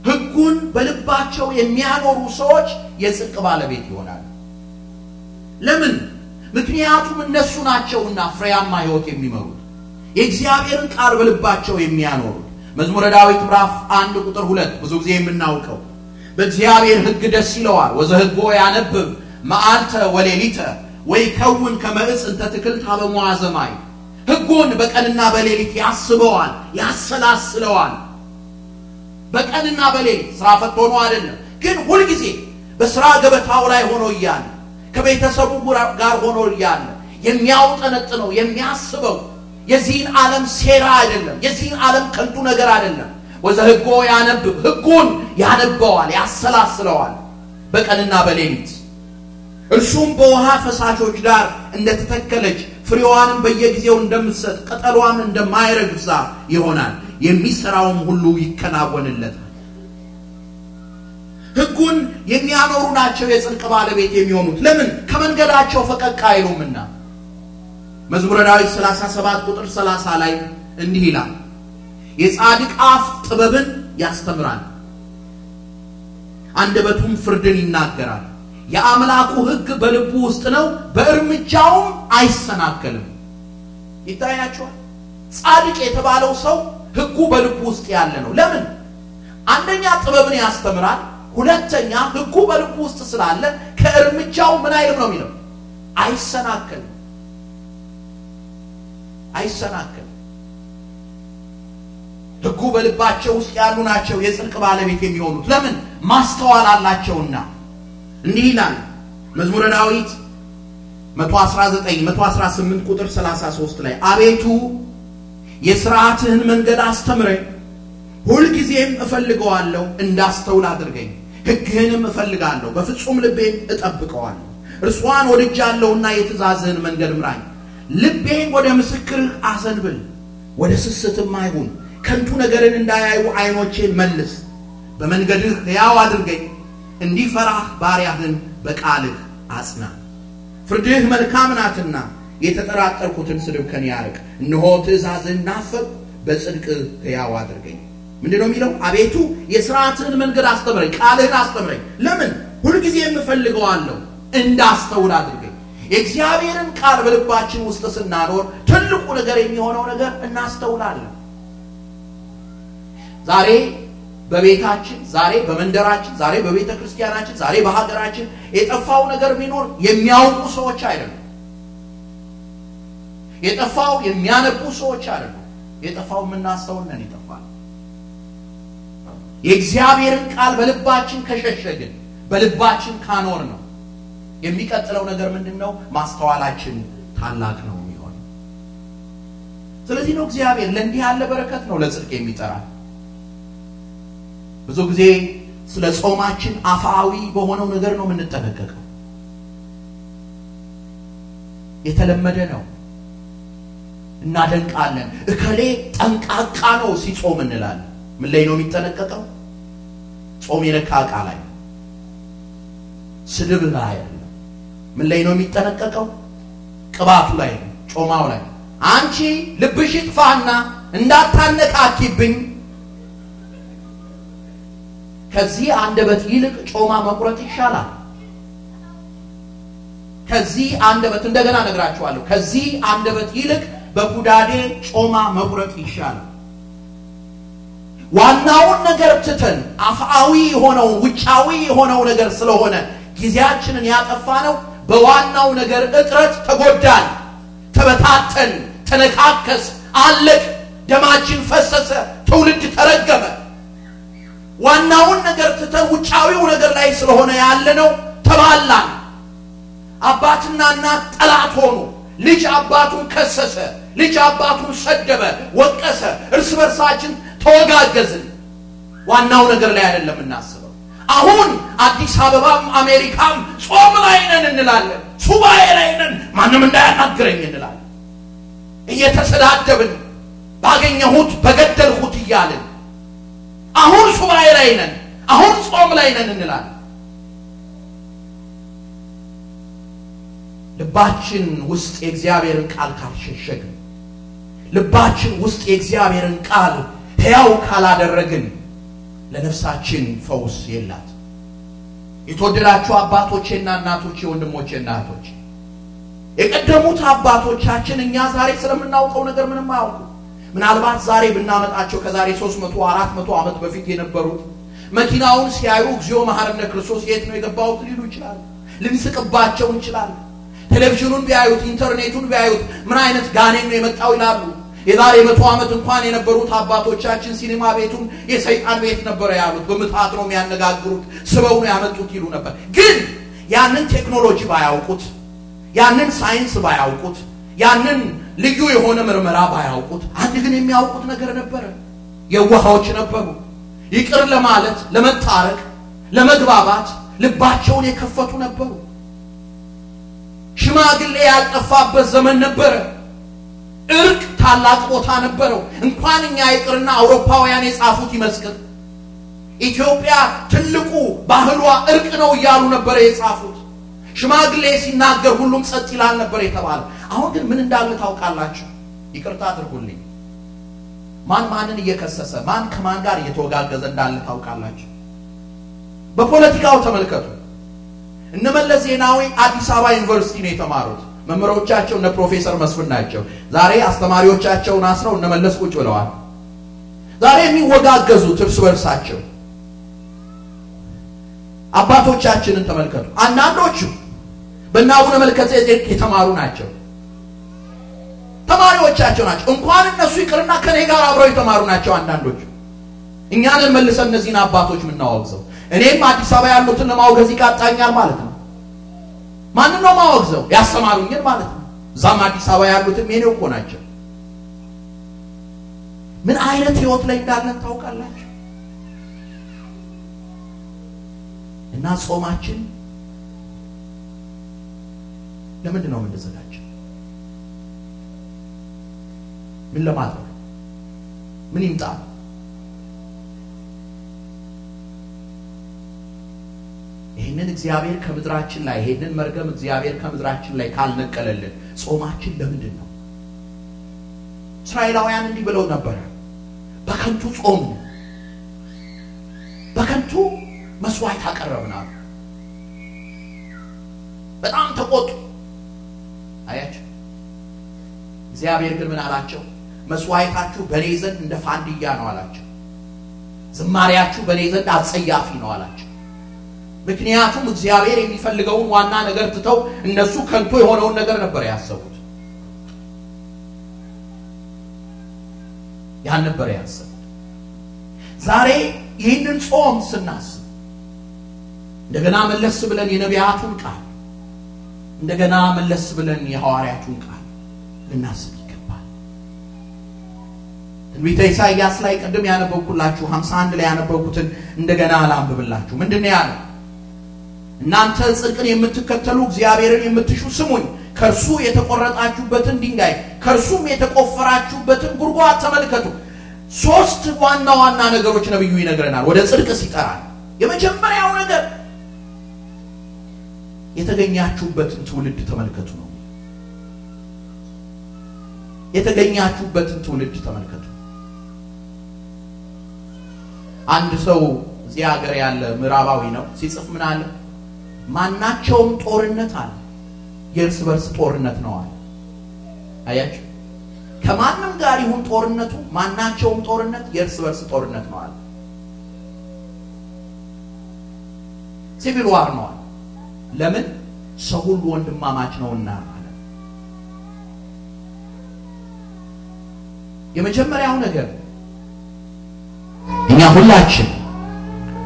Speaker 1: ሕጉን በልባቸው የሚያኖሩ ሰዎች የጽድቅ ባለቤት ይሆናሉ። ለምን? ምክንያቱም እነሱ ናቸውና ፍሬያማ ህይወት የሚመሩት የእግዚአብሔርን ቃል በልባቸው የሚያኖሩት። መዝሙረ ዳዊት ምዕራፍ አንድ ቁጥር ሁለት ብዙ ጊዜ የምናውቀው በእግዚአብሔር ሕግ ደስ ይለዋል ወዘ ሕጎ ያነብብ መዓልተ ወሌሊተ ወይ ከውን ከመዕፅ እንተ ትክል ታበመዋዘ ማይ ሕጎን በቀንና በሌሊት ያስበዋል፣ ያሰላስለዋል። በቀንና በሌሊት ስራ ፈጥቶ አይደለም፣ ግን ሁልጊዜ በስራ ገበታው ላይ ሆኖ እያለ ከቤተሰቡ ጋር ሆኖ እያለ የሚያውጠነጥነው የሚያስበው የዚህን ዓለም ሴራ አይደለም፣ የዚህን ዓለም ከንቱ ነገር አይደለም። ወዘ ህጎ ያነብብ፣ ህጉን ያነበዋል፣ ያሰላስለዋል በቀንና በሌሊት እርሱም በውሃ ፈሳሾች ዳር እንደተተከለች ፍሬዋንም በየጊዜው እንደምትሰጥ ቅጠሏም እንደማይረግፍ ዛፍ ይሆናል። የሚሰራውም ሁሉ ይከናወንለታል። ህጉን የሚያኖሩ ናቸው የጽድቅ ባለቤት የሚሆኑት። ለምን? ከመንገዳቸው ፈቀቅ አይሉምና። መዝሙረ ዳዊት 37 ቁጥር 30 ላይ እንዲህ ይላል፣ የጻድቅ አፍ ጥበብን ያስተምራል፣ አንደበቱም ፍርድን ይናገራል። የአምላኩ ህግ በልቡ ውስጥ ነው፣ በእርምጃውም አይሰናከልም። ይታያቸዋል። ጻድቅ የተባለው ሰው ህጉ በልቡ ውስጥ ያለ ነው። ለምን? አንደኛ ጥበብን ያስተምራል ሁለተኛ ህጉ በልቡ ውስጥ ስላለ ከእርምጃው ምን አይልም ነው የሚለው አይሰናከልም አይሰናከልም ህጉ በልባቸው ውስጥ ያሉ ናቸው የጽድቅ ባለቤት የሚሆኑት ለምን ማስተዋል አላቸውና እንዲህ ይላል መዝሙረ ዳዊት 119 118 ቁጥር 33 ላይ አቤቱ የስርዓትህን መንገድ አስተምረኝ ሁልጊዜም እፈልገዋለሁ እንዳስተውል አድርገኝ ሕግህንም እፈልጋለሁ፣ በፍጹም ልቤ እጠብቀዋለሁ። እርሷን ወድጃለሁና የትእዛዝህን መንገድ ምራኝ። ልቤን ወደ ምስክርህ አዘንብል፣ ወደ ስስትም አይሁን። ከንቱ ነገርን እንዳያዩ ዐይኖቼን መልስ። በመንገድህ ሕያው አድርገኝ፣ እንዲፈራህ ባሪያህን በቃልህ አጽና። ፍርድህ መልካም ናትና የተጠራጠርኩትን ስድብ ከኔ ያርቅ። እነሆ ትእዛዝህን ናፈቅ፣ በጽድቅ ሕያው አድርገኝ። ምንድ ነው የሚለው? አቤቱ የስርዓትህን መንገድ አስተምረኝ፣ ቃልህን አስተምረኝ። ለምን ሁልጊዜ የምፈልገዋለሁ፣ እንዳስተውል አድርገኝ። የእግዚአብሔርን ቃል በልባችን ውስጥ ስናኖር ትልቁ ነገር የሚሆነው ነገር እናስተውላለን። ዛሬ በቤታችን፣ ዛሬ በመንደራችን፣ ዛሬ በቤተ ክርስቲያናችን፣ ዛሬ በሀገራችን የጠፋው ነገር ቢኖር የሚያውቁ ሰዎች አይደሉም። የጠፋው የሚያነቡ ሰዎች አይደሉም። የጠፋው የምናስተውል ነን። ይጠፋል የእግዚአብሔርን ቃል በልባችን ከሸሸግን በልባችን ካኖር ነው የሚቀጥለው ነገር ምንድን ነው? ማስተዋላችን ታላቅ ነው የሚሆን። ስለዚህ ነው እግዚአብሔር ለእንዲህ ያለ በረከት ነው ለጽድቅ የሚጠራ ብዙ ጊዜ ስለ ጾማችን አፋዊ በሆነው ነገር ነው የምንጠነቀቀው። የተለመደ ነው፣ እናደንቃለን። እከሌ ጠንቃቃ ነው ሲጾም እንላለን። ምን ላይ ነው የሚጠነቀቀው? ጾም የነካ እቃ ላይ ስድብ ላይ አይደለም። ምን ላይ ነው የሚጠነቀቀው? ቅባቱ ላይ ጮማው ላይ አንቺ ልብሽ ይጥፋና እንዳታነቃኪብኝ ከዚህ አንደበት ይልቅ ጮማ መቁረጥ ይሻላል። ከዚህ አንደበት እንደገና ነግራችኋለሁ። ከዚህ አንደበት ይልቅ በጉዳዴ ጮማ መቁረጥ ይሻላል። ዋናውን ነገር ትተን አፍአዊ የሆነው ውጫዊ የሆነው ነገር ስለሆነ ጊዜያችንን ያጠፋ ነው። በዋናው ነገር እጥረት ተጎዳን፣ ተበታተን፣ ተነካከስ፣ አለቅ፣ ደማችን ፈሰሰ፣ ትውልድ ተረገመ። ዋናውን ነገር ትተን ውጫዊው ነገር ላይ ስለሆነ ያለነው ተባላን። አባትና እናት ጠላት ሆኑ። ልጅ አባቱን ከሰሰ፣ ልጅ አባቱን ሰደበ፣ ወቀሰ። እርስ በርሳችን ተወጋገዝን። ዋናው ነገር ላይ አይደለም እናስበው። አሁን አዲስ አበባም አሜሪካም ጾም ላይ ነን እንላለን፣ ሱባኤ ላይ ነን፣ ማንም እንዳያናግረኝ እንላለን። እየተሰዳደብን ባገኘሁት በገደልሁት እያልን አሁን ሱባኤ ላይ ነን፣ አሁን ጾም ላይ ነን እንላለን። ልባችን ውስጥ የእግዚአብሔርን ቃል ካልሸሸግን፣ ልባችን ውስጥ የእግዚአብሔርን ቃል ሕያው ካላደረግን ለነፍሳችን ፈውስ የላት። የተወደዳችሁ አባቶቼና እናቶቼ፣ ወንድሞቼና እህቶች፣ የቀደሙት አባቶቻችን እኛ ዛሬ ስለምናውቀው ነገር ምንም አያውቁ። ምናልባት ዛሬ ብናመጣቸው ከዛሬ ሦስት መቶ አራት መቶ ዓመት በፊት የነበሩት መኪናውን ሲያዩ እግዚኦ መሐረነ ክርስቶስ የት ነው የገባሁት ሊሉ ይችላል። ልንስቅባቸው እንችላለን። ቴሌቪዥኑን ቢያዩት ኢንተርኔቱን ቢያዩት ምን አይነት ጋኔን ነው የመጣው ይላሉ። የዛሬ መቶ ዓመት እንኳን የነበሩት አባቶቻችን ሲኒማ ቤቱን የሰይጣን ቤት ነበረ ያሉት። በምትሃት ነው የሚያነጋግሩት፣ ስበው ነው ያመጡት ይሉ ነበር። ግን ያንን ቴክኖሎጂ ባያውቁት፣ ያንን ሳይንስ ባያውቁት፣ ያንን ልዩ የሆነ ምርመራ ባያውቁት፣ አንድ ግን የሚያውቁት ነገር ነበረ። የዋሃዎች ነበሩ። ይቅር ለማለት ለመታረቅ፣ ለመግባባት ልባቸውን የከፈቱ ነበሩ። ሽማግሌ ያልጠፋበት ዘመን ነበረ። እርቅ ታላቅ ቦታ ነበረው። እንኳን እኛ ይቅርና አውሮፓውያን የጻፉት ይመስገን። ኢትዮጵያ ትልቁ ባህሏ እርቅ ነው እያሉ ነበረ የጻፉት። ሽማግሌ ሲናገር ሁሉም ጸጥ ይላል ነበር የተባለ። አሁን ግን ምን እንዳለ ታውቃላችሁ? ይቅርታ አድርጉልኝ። ማን ማንን እየከሰሰ ማን ከማን ጋር እየተወጋገዘ እንዳለ ታውቃላችሁ? በፖለቲካው ተመልከቱ። እነ መለስ ዜናዊ አዲስ አበባ ዩኒቨርሲቲ ነው የተማሩት። መምህሮቻቸው እነ ፕሮፌሰር መስፍን ናቸው። ዛሬ አስተማሪዎቻቸውን አስረው እነመለስ ቁጭ ብለዋል። ዛሬ የሚወጋገዙት እርስ በርሳቸው አባቶቻችንን ተመልከቱ። አንዳንዶቹ በእነ አቡነ መልከ ጼዴቅ የተማሩ ናቸው፣ ተማሪዎቻቸው ናቸው። እንኳን እነሱ ይቅርና ከኔ ጋር አብረው የተማሩ ናቸው። አንዳንዶቹ እኛንን መልሰን እነዚህን አባቶች የምናወግዘው እኔም አዲስ አበባ ያሉትን ለማውገዝ ይቃጣኛል ማለት ነው። ማን ነው ማወግዘው? ያስተማሩኝን ማለት ነው። እዛም አዲስ አበባ ያሉትም የኔው እኮ ናቸው። ምን አይነት ህይወት ላይ እንዳለን ታውቃላችሁ? እና ጾማችን ለምንድን ነው የምንዘጋጀው? ምን ለማድረግ ምን ይምጣል ይህንን እግዚአብሔር ከምድራችን ላይ ይህንን መርገም እግዚአብሔር ከምድራችን ላይ ካልነቀለልን ጾማችን ለምንድን ነው? እስራኤላውያን እንዲህ ብለው ነበረ፣ በከንቱ ጾም በከንቱ መስዋዕት አቀረብናል። በጣም ተቆጡ። አያቸው። እግዚአብሔር ግን ምን አላቸው? መስዋዕታችሁ በእኔ ዘንድ እንደ ፋንድያ ነው አላቸው። ዝማሬያችሁ በእኔ ዘንድ አጸያፊ ነው አላቸው። ምክንያቱም እግዚአብሔር የሚፈልገውን ዋና ነገር ትተው እነሱ ከንቱ የሆነውን ነገር ነበር ያሰቡት። ያን ነበር ያሰቡት። ዛሬ ይህንን ጾም ስናስብ እንደገና መለስ ብለን የነቢያቱን ቃል እንደገና መለስ ብለን የሐዋርያቱን ቃል ልናስብ ይገባል። ትንቢተ ኢሳይያስ ላይ ቅድም ያነበብኩላችሁ 51 ላይ ያነበብኩትን እንደገና ላንብብላችሁ። ምንድን ነው ያለው? እናንተ ጽድቅን የምትከተሉ እግዚአብሔርን የምትሹ ስሙኝ፣ ከእርሱ የተቆረጣችሁበትን ድንጋይ ከእርሱም የተቆፈራችሁበትን ጉድጓድ ተመልከቱ። ሶስት ዋና ዋና ነገሮች ነብዩ ይነግረናል ወደ ጽድቅ ሲጠራል። የመጀመሪያው ነገር የተገኛችሁበትን ትውልድ ተመልከቱ ነው። የተገኛችሁበትን ትውልድ ተመልከቱ። አንድ ሰው እዚህ ሀገር ያለ ምዕራባዊ ነው ሲጽፍ ምን አለ? ማናቸውም ጦርነት አለ የእርስ በርስ ጦርነት ነው አለ። አያችሁ ከማንም ጋር ይሁን ጦርነቱ፣ ማናቸውም ጦርነት የእርስ በርስ ጦርነት ነው አለ። ሲቪል ዋር ነው አለ። ለምን ሰው ሁሉ ወንድማማች ነውና አለ። የመጀመሪያው ነገር እኛ ሁላችን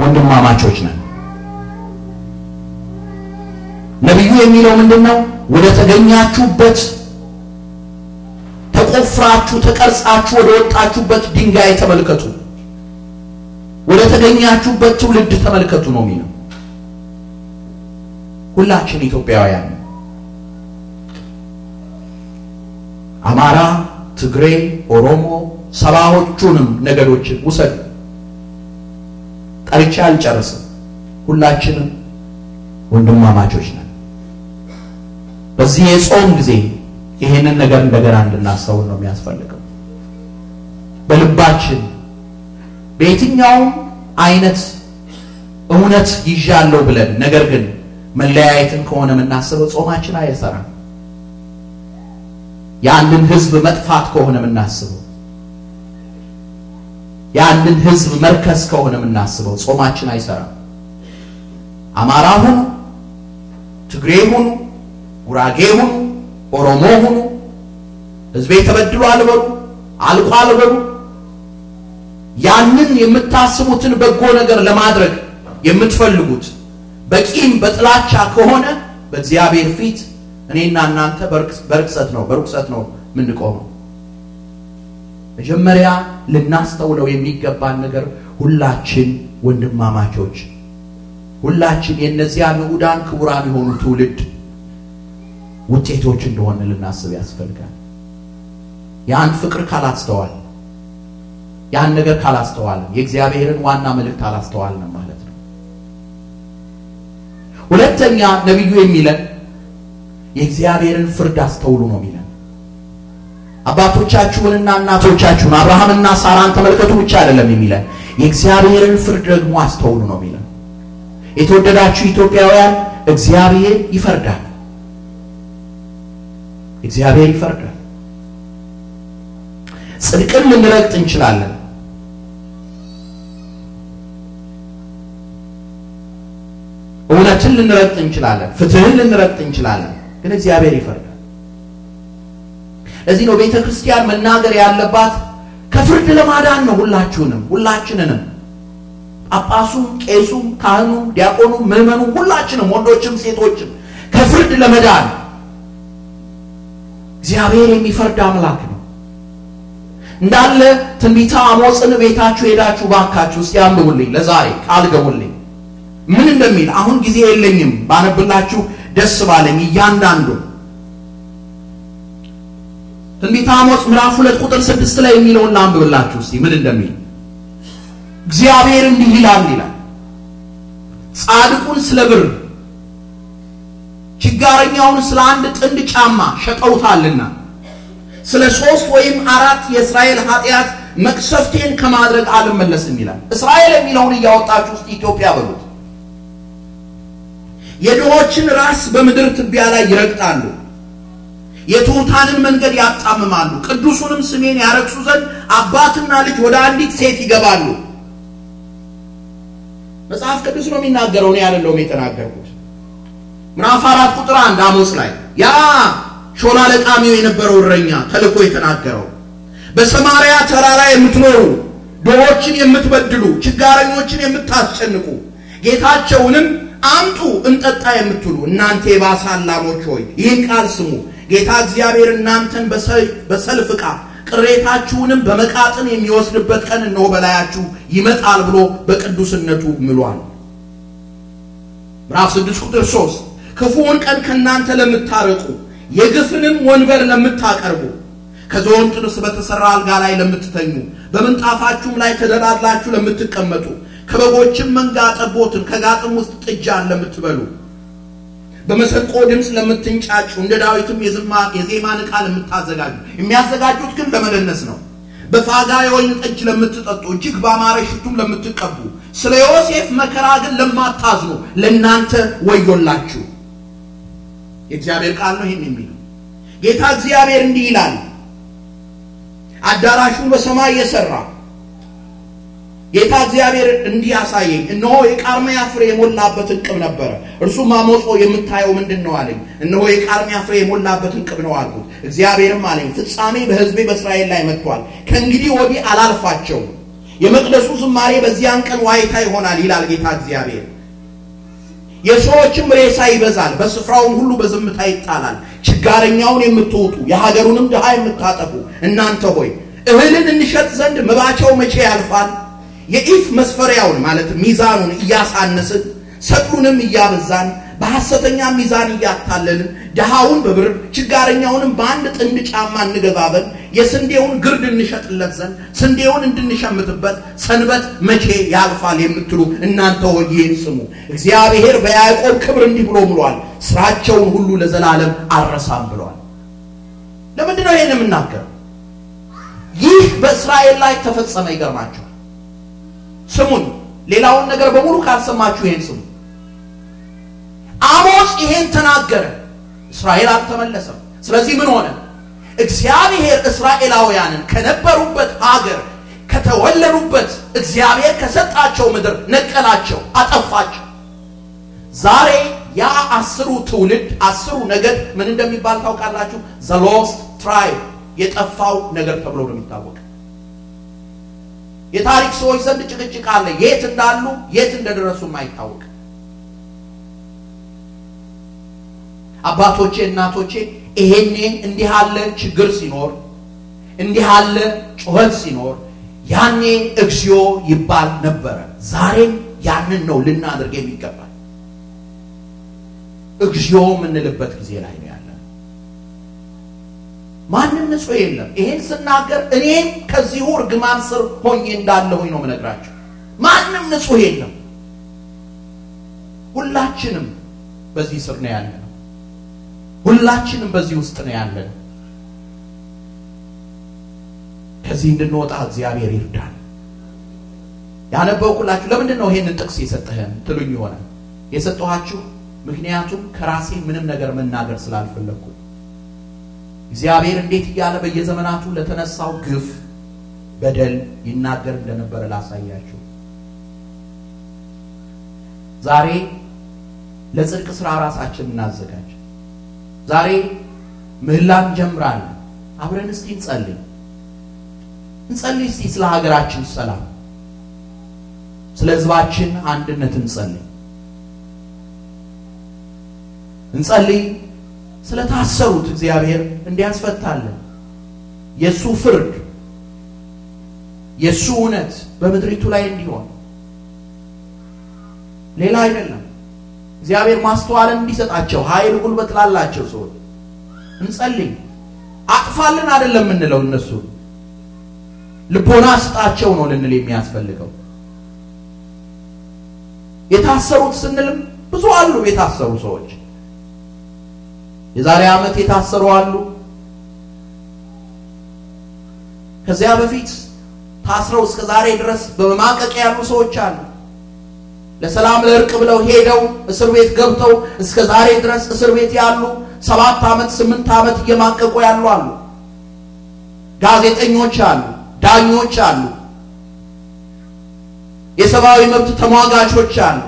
Speaker 1: ወንድማማቾች ነን። ነቢዩ የሚለው ምንድን ነው? ወደ ተገኛችሁበት ተቆፍራችሁ ተቀርጻችሁ ወደ ወጣችሁበት ድንጋይ ተመልከቱ፣ ወደ ተገኛችሁበት ትውልድ ተመልከቱ ነው የሚለው። ሁላችን ኢትዮጵያውያን አማራ፣ ትግሬ፣ ኦሮሞ ሰባዎቹንም ነገዶችን ውሰዱ። ጠርቼ አልጨርስም። ሁላችንም ወንድማማቾች ነው። በዚህ የጾም ጊዜ ይሄንን ነገር እንደገና እንድናስተውል ነው የሚያስፈልገው። በልባችን በየትኛውም አይነት እውነት ይዣለሁ ብለን ነገር ግን መለያየትን ከሆነ የምናስበው ጾማችን አይሰራም። የአንድን ሕዝብ መጥፋት ከሆነ የምናስበው የአንድን ሕዝብ መርከስ ከሆነ የምናስበው ጾማችን አይሰራም። አማራ ሁኑ፣ ትግሬ ሁኑ ጉራጌ ሁኑ፣ ኦሮሞ ሁኑ፣ ህዝቤ ተበድሎ አልበሉ፣ አልቆ አልበሉ። ያንን የምታስቡትን በጎ ነገር ለማድረግ የምትፈልጉት በቂም በጥላቻ ከሆነ በእግዚአብሔር ፊት እኔና እናንተ በርቅሰት ነው በርቅሰት ነው የምንቆመው። መጀመሪያ ልናስተውለው የሚገባን ነገር ሁላችን ወንድማማቾች፣ ሁላችን የእነዚያ ንዑዳን ክቡራን የሆኑ ትውልድ ውጤቶች እንደሆነ ልናስብ ያስፈልጋል። ያን ፍቅር ካላስተዋል፣ ያን ነገር ካላስተዋል፣ የእግዚአብሔርን ዋና መልእክት አላስተዋልንም ማለት ነው። ሁለተኛ ነቢዩ የሚለን የእግዚአብሔርን ፍርድ አስተውሉ ነው የሚለን። አባቶቻችሁንና እናቶቻችሁን አብርሃምና ሳራን ተመልከቱ ብቻ አይደለም የሚለን፣ የእግዚአብሔርን ፍርድ ደግሞ አስተውሉ ነው የሚለን። የተወደዳችሁ ኢትዮጵያውያን፣ እግዚአብሔር ይፈርዳል። እግዚአብሔር ይፈርዳል። ጽድቅን ልንረግጥ እንችላለን። እውነትን ልንረግጥ እንችላለን። ፍትህን ልንረግጥ እንችላለን። ግን እግዚአብሔር ይፈርዳል። ለዚህ ነው ቤተ ክርስቲያን መናገር ያለባት ከፍርድ ለማዳን ነው። ሁላችሁንም ሁላችንንም ጳጳሱም፣ ቄሱም፣ ካህኑም፣ ዲያቆኑም፣ ምዕመኑም ሁላችንም ወንዶችም ሴቶችም ከፍርድ ለመዳን እግዚአብሔር የሚፈርድ አምላክ ነው። እንዳለ ትንቢታ አሞጽን ቤታችሁ ሄዳችሁ ባካችሁ እስቲ አንብቡልኝ፣ ለዛሬ ቃል ገቡልኝ ምን እንደሚል። አሁን ጊዜ የለኝም ባነብላችሁ ደስ ባለኝ። እያንዳንዱ ትንቢታ አሞጽ ምዕራፍ ሁለት ቁጥር ስድስት ላይ የሚለውን ላንብብላችሁ እስቲ ምን እንደሚል። እግዚአብሔር እንዲህ ይላል ይላል ጻድቁን ስለ ብር ጋረኛውን ስለ አንድ ጥንድ ጫማ ሸጠውታልና ስለ ሶስት ወይም አራት የእስራኤል ኃጢአት መቅሰፍቴን ከማድረግ አልመለስም ይላል። እስራኤል የሚለውን እያወጣችሁ ውስጥ ኢትዮጵያ በሉት። የድሆችን ራስ በምድር ትቢያ ላይ ይረግጣሉ፣ የትሑታንን መንገድ ያጣምማሉ፣ ቅዱሱንም ስሜን ያረክሱ ዘንድ አባትና ልጅ ወደ አንዲት ሴት ይገባሉ። መጽሐፍ ቅዱስ ነው የሚናገረው፣ እኔ አይደለሁም የተናገርኩት። ምዕራፍ አራት ቁጥር አንድ አሞጽ ላይ ያ ሾላ ለቃሚው የነበረው እረኛ ተልኮ የተናገረው በሰማርያ ተራራ የምትኖሩ ዶሮችን የምትበድሉ ችጋረኞችን የምታስጨንቁ ጌታቸውንም አምጡ እንጠጣ የምትሉ እናንተ የባሳን ላሞች ሆይ ይህን ቃል ስሙ። ጌታ እግዚአብሔር እናንተን በሰልፍ ዕቃ ቅሬታችሁንም በመቃጥን የሚወስድበት ቀን እነሆ በላያችሁ ይመጣል ብሎ በቅዱስነቱ ምሏል። ምዕራፍ 6 ቁጥር 3 ክፉውን ቀን ከእናንተ ለምታርቁ የግፍንም ወንበር ለምታቀርቡ ከዘወን ጥርስ በተሰራ አልጋ ላይ ለምትተኙ በምንጣፋችሁም ላይ ተደላድላችሁ ለምትቀመጡ ከበጎችም መንጋ ጠቦትን ከጋጥም ውስጥ ጥጃን ለምትበሉ በመሰንቆ ድምፅ ለምትንጫጩ እንደ ዳዊትም የዜማን ዕቃ ለምታዘጋጁ የሚያዘጋጁት ግን ለመደነስ ነው። በፋጋ የወይን ጠጅ ለምትጠጡ እጅግ በአማረ ሽቱም ለምትቀቡ ስለ ዮሴፍ መከራ ግን ለማታዝኑ ለእናንተ ወዮላችሁ። የእግዚአብሔር ቃል ነው ይህን የሚለው ጌታ እግዚአብሔር እንዲህ ይላል አዳራሹን በሰማይ የሰራ ጌታ እግዚአብሔር እንዲህ ያሳየኝ እነሆ የቃርሚያ ፍሬ የሞላበት እንቅብ ነበረ። እርሱም አሞጾ የምታየው ምንድን ነው አለኝ። እነሆ የቃርሚያ ፍሬ የሞላበት እንቅብ ነው አልኩት። እግዚአብሔርም አለኝ ፍጻሜ በህዝቤ በእስራኤል ላይ መጥቷል። ከእንግዲህ ወዲህ አላልፋቸውም። የመቅደሱ ዝማሬ በዚያን ቀን ዋይታ ይሆናል ይላል ጌታ እግዚአብሔር። የሰዎችም ሬሳ ይበዛል፣ በስፍራውም ሁሉ በዝምታ ይጣላል። ችጋረኛውን የምትውጡ የሀገሩንም ድሃ የምታጠፉ እናንተ ሆይ እህልን እንሸጥ ዘንድ መባቻው መቼ ያልፋል? የኢፍ መስፈሪያውን ማለት ሚዛኑን እያሳነስን ሰቅሉንም እያበዛን በሐሰተኛ ሚዛን እያታለልን ድሃውን በብር ችጋረኛውንም በአንድ ጥንድ ጫማ እንገባበን የስንዴውን ግርድ እንሸጥለት ዘንድ ስንዴውን እንድንሸምትበት ሰንበት መቼ ያልፋል የምትሉ እናንተ ሆይ ስሙ። እግዚአብሔር በያዕቆብ ክብር እንዲህ ብሎ ብሏል፣ ስራቸውን ሁሉ ለዘላለም አረሳም ብሏል። ለምንድን ነው ይሄን የምናገር? ይህ በእስራኤል ላይ ተፈጸመ። ይገርማችሁ፣ ስሙን፣ ሌላውን ነገር በሙሉ ካልሰማችሁ ይሄን ስሙ። አሞጽ ይሄን ተናገረ። እስራኤል አልተመለሰም። ስለዚህ ምን ሆነ? እግዚአብሔር እስራኤላውያንን ከነበሩበት ሀገር ከተወለዱበት እግዚአብሔር ከሰጣቸው ምድር ነቀላቸው፣ አጠፋቸው። ዛሬ ያ አስሩ ትውልድ አስሩ ነገድ ምን እንደሚባል ታውቃላችሁ? ዘ ሎስት ትራይብ የጠፋው ነገር ተብሎ ነው የሚታወቅ። የታሪክ ሰዎች ዘንድ ጭቅጭቅ አለ። የት እንዳሉ የት እንደደረሱም አይታወቅ። አባቶቼ እናቶቼ ይሄኔ እንዲህ አለ ችግር ሲኖር እንዲህ አለ ጩኸት ሲኖር ያኔ እግዚኦ ይባል ነበረ። ዛሬም ያንን ነው አድርገ የሚገባል። እግዚኦ የምንልበት ጊዜ ላይ ነው ያለ። ማንም ንጹሕ የለም። ይሄን ስናገር እኔም ከዚሁ እርግማን ስር ሆኜ እንዳለሁኝ ነው የምነግራቸው። ማንም ንጹሕ የለም። ሁላችንም በዚህ ስር ነው ያለ ሁላችንም በዚህ ውስጥ ነው ያለን። ከዚህ እንድንወጣ እግዚአብሔር ይርዳል። ያነበብኩላችሁ ለምንድን ነው ይሄንን ጥቅስ የሰጠህን ትሉኝ ይሆናል። የሰጠኋችሁ ምክንያቱም ከራሴ ምንም ነገር መናገር ስላልፈለግኩ እግዚአብሔር እንዴት እያለ በየዘመናቱ ለተነሳው ግፍ፣ በደል ይናገር እንደነበረ ላሳያችሁ። ዛሬ ለጽድቅ ስራ ራሳችን እናዘጋጅ። ዛሬ ምህላን እንጀምራለን። አብረን እስቲ እንጸልይ እንጸልይ እስቲ ስለ ሀገራችን ሰላም፣ ስለ ህዝባችን አንድነት እንጸልይ እንጸልይ ስለ ታሰሩት እግዚአብሔር እንዲያስፈታለን። የእሱ ፍርድ የእሱ እውነት በምድሪቱ ላይ እንዲሆን ሌላ አይደለም። እግዚአብሔር ማስተዋል እንዲሰጣቸው ኃይል ጉልበት ላላቸው ሰዎች እንጸልይ። አጥፋልን አይደለም የምንለው እነሱ ልቦና ስጣቸው ነው ልንል የሚያስፈልገው። የታሰሩት ስንልም ብዙ አሉ። የታሰሩ ሰዎች የዛሬ ዓመት የታሰሩ አሉ። ከዚያ በፊት ታስረው እስከ ዛሬ ድረስ በማቀቅ ያሉ ሰዎች አሉ። ለሰላም ለእርቅ ብለው ሄደው እስር ቤት ገብተው እስከ ዛሬ ድረስ እስር ቤት ያሉ ሰባት ዓመት ስምንት ዓመት እየማቀቁ ያሉ አሉ። ጋዜጠኞች አሉ፣ ዳኞች አሉ፣ የሰብአዊ መብት ተሟጋቾች አሉ።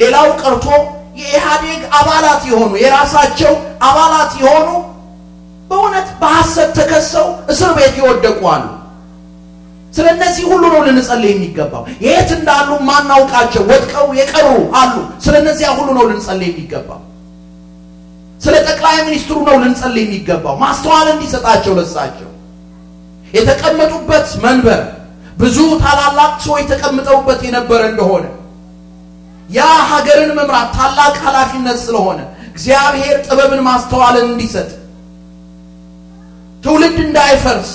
Speaker 1: ሌላው ቀርቶ የኢህአዴግ አባላት የሆኑ የራሳቸው አባላት የሆኑ በእውነት በሐሰት ተከሰው እስር ቤት ይወደቁ አሉ። ስለ እነዚህ ሁሉ ነው ልንጸልይ የሚገባው። የት እንዳሉ ማናውቃቸው ወድቀው የቀሩ አሉ። ስለ እነዚያ ሁሉ ነው ልንጸልይ የሚገባው። ስለ ጠቅላይ ሚኒስትሩ ነው ልንጸልይ የሚገባው። ማስተዋል እንዲሰጣቸው ለሳቸው የተቀመጡበት መንበር ብዙ ታላላቅ ሰዎች ተቀምጠውበት የነበረ እንደሆነ ያ ሀገርን መምራት ታላቅ ኃላፊነት ስለሆነ እግዚአብሔር ጥበብን ማስተዋልን እንዲሰጥ ትውልድ እንዳይፈርስ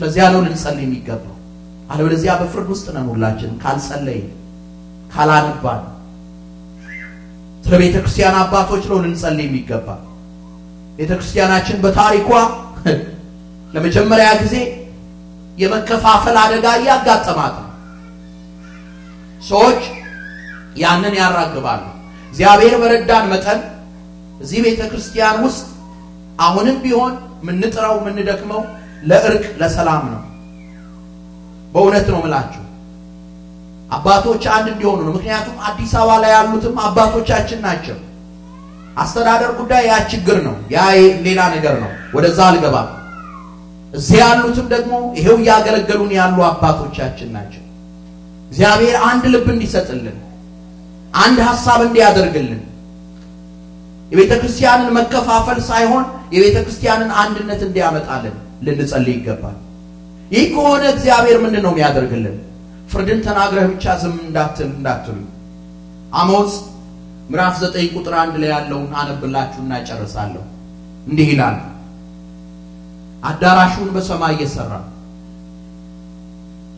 Speaker 1: ስለዚያ ነው ልንጸልይ የሚገባው። አለበለዚያ በፍርድ ውስጥ ነን ሁላችን ካልጸለይ ካላንባን። ስለ ቤተ ክርስቲያን አባቶች ነው ልንጸልይ የሚገባ። ቤተ ክርስቲያናችን በታሪኳ ለመጀመሪያ ጊዜ የመከፋፈል አደጋ እያጋጠማት ነው። ሰዎች ያንን ያራግባሉ። እግዚአብሔር በረዳን መጠን እዚህ ቤተ ክርስቲያን ውስጥ አሁንም ቢሆን የምንጥረው የምንደክመው ለእርቅ ለሰላም ነው። በእውነት ነው ምላችሁ አባቶች አንድ እንዲሆኑ ነው። ምክንያቱም አዲስ አበባ ላይ ያሉትም አባቶቻችን ናቸው። አስተዳደር ጉዳይ ያ ችግር ነው፣ ያ ሌላ ነገር ነው። ወደዛ አልገባም። እዚህ ያሉትም ደግሞ ይሄው እያገለገሉን ያሉ አባቶቻችን ናቸው። እግዚአብሔር አንድ ልብ እንዲሰጥልን፣ አንድ ሀሳብ እንዲያደርግልን የቤተ ክርስቲያንን መከፋፈል ሳይሆን የቤተ ክርስቲያንን አንድነት እንዲያመጣልን ልንጸልይ ይገባል። ይህ ከሆነ እግዚአብሔር ምንድን ነው የሚያደርግልን? ፍርድን ተናግረህ ብቻ ዝም እንዳትል እንዳትሉ አሞጽ ምዕራፍ ዘጠኝ ቁጥር አንድ ላይ ያለውን አነብላችሁ እና ጨርሳለሁ። እንዲህ ይላል አዳራሹን በሰማይ እየሰራ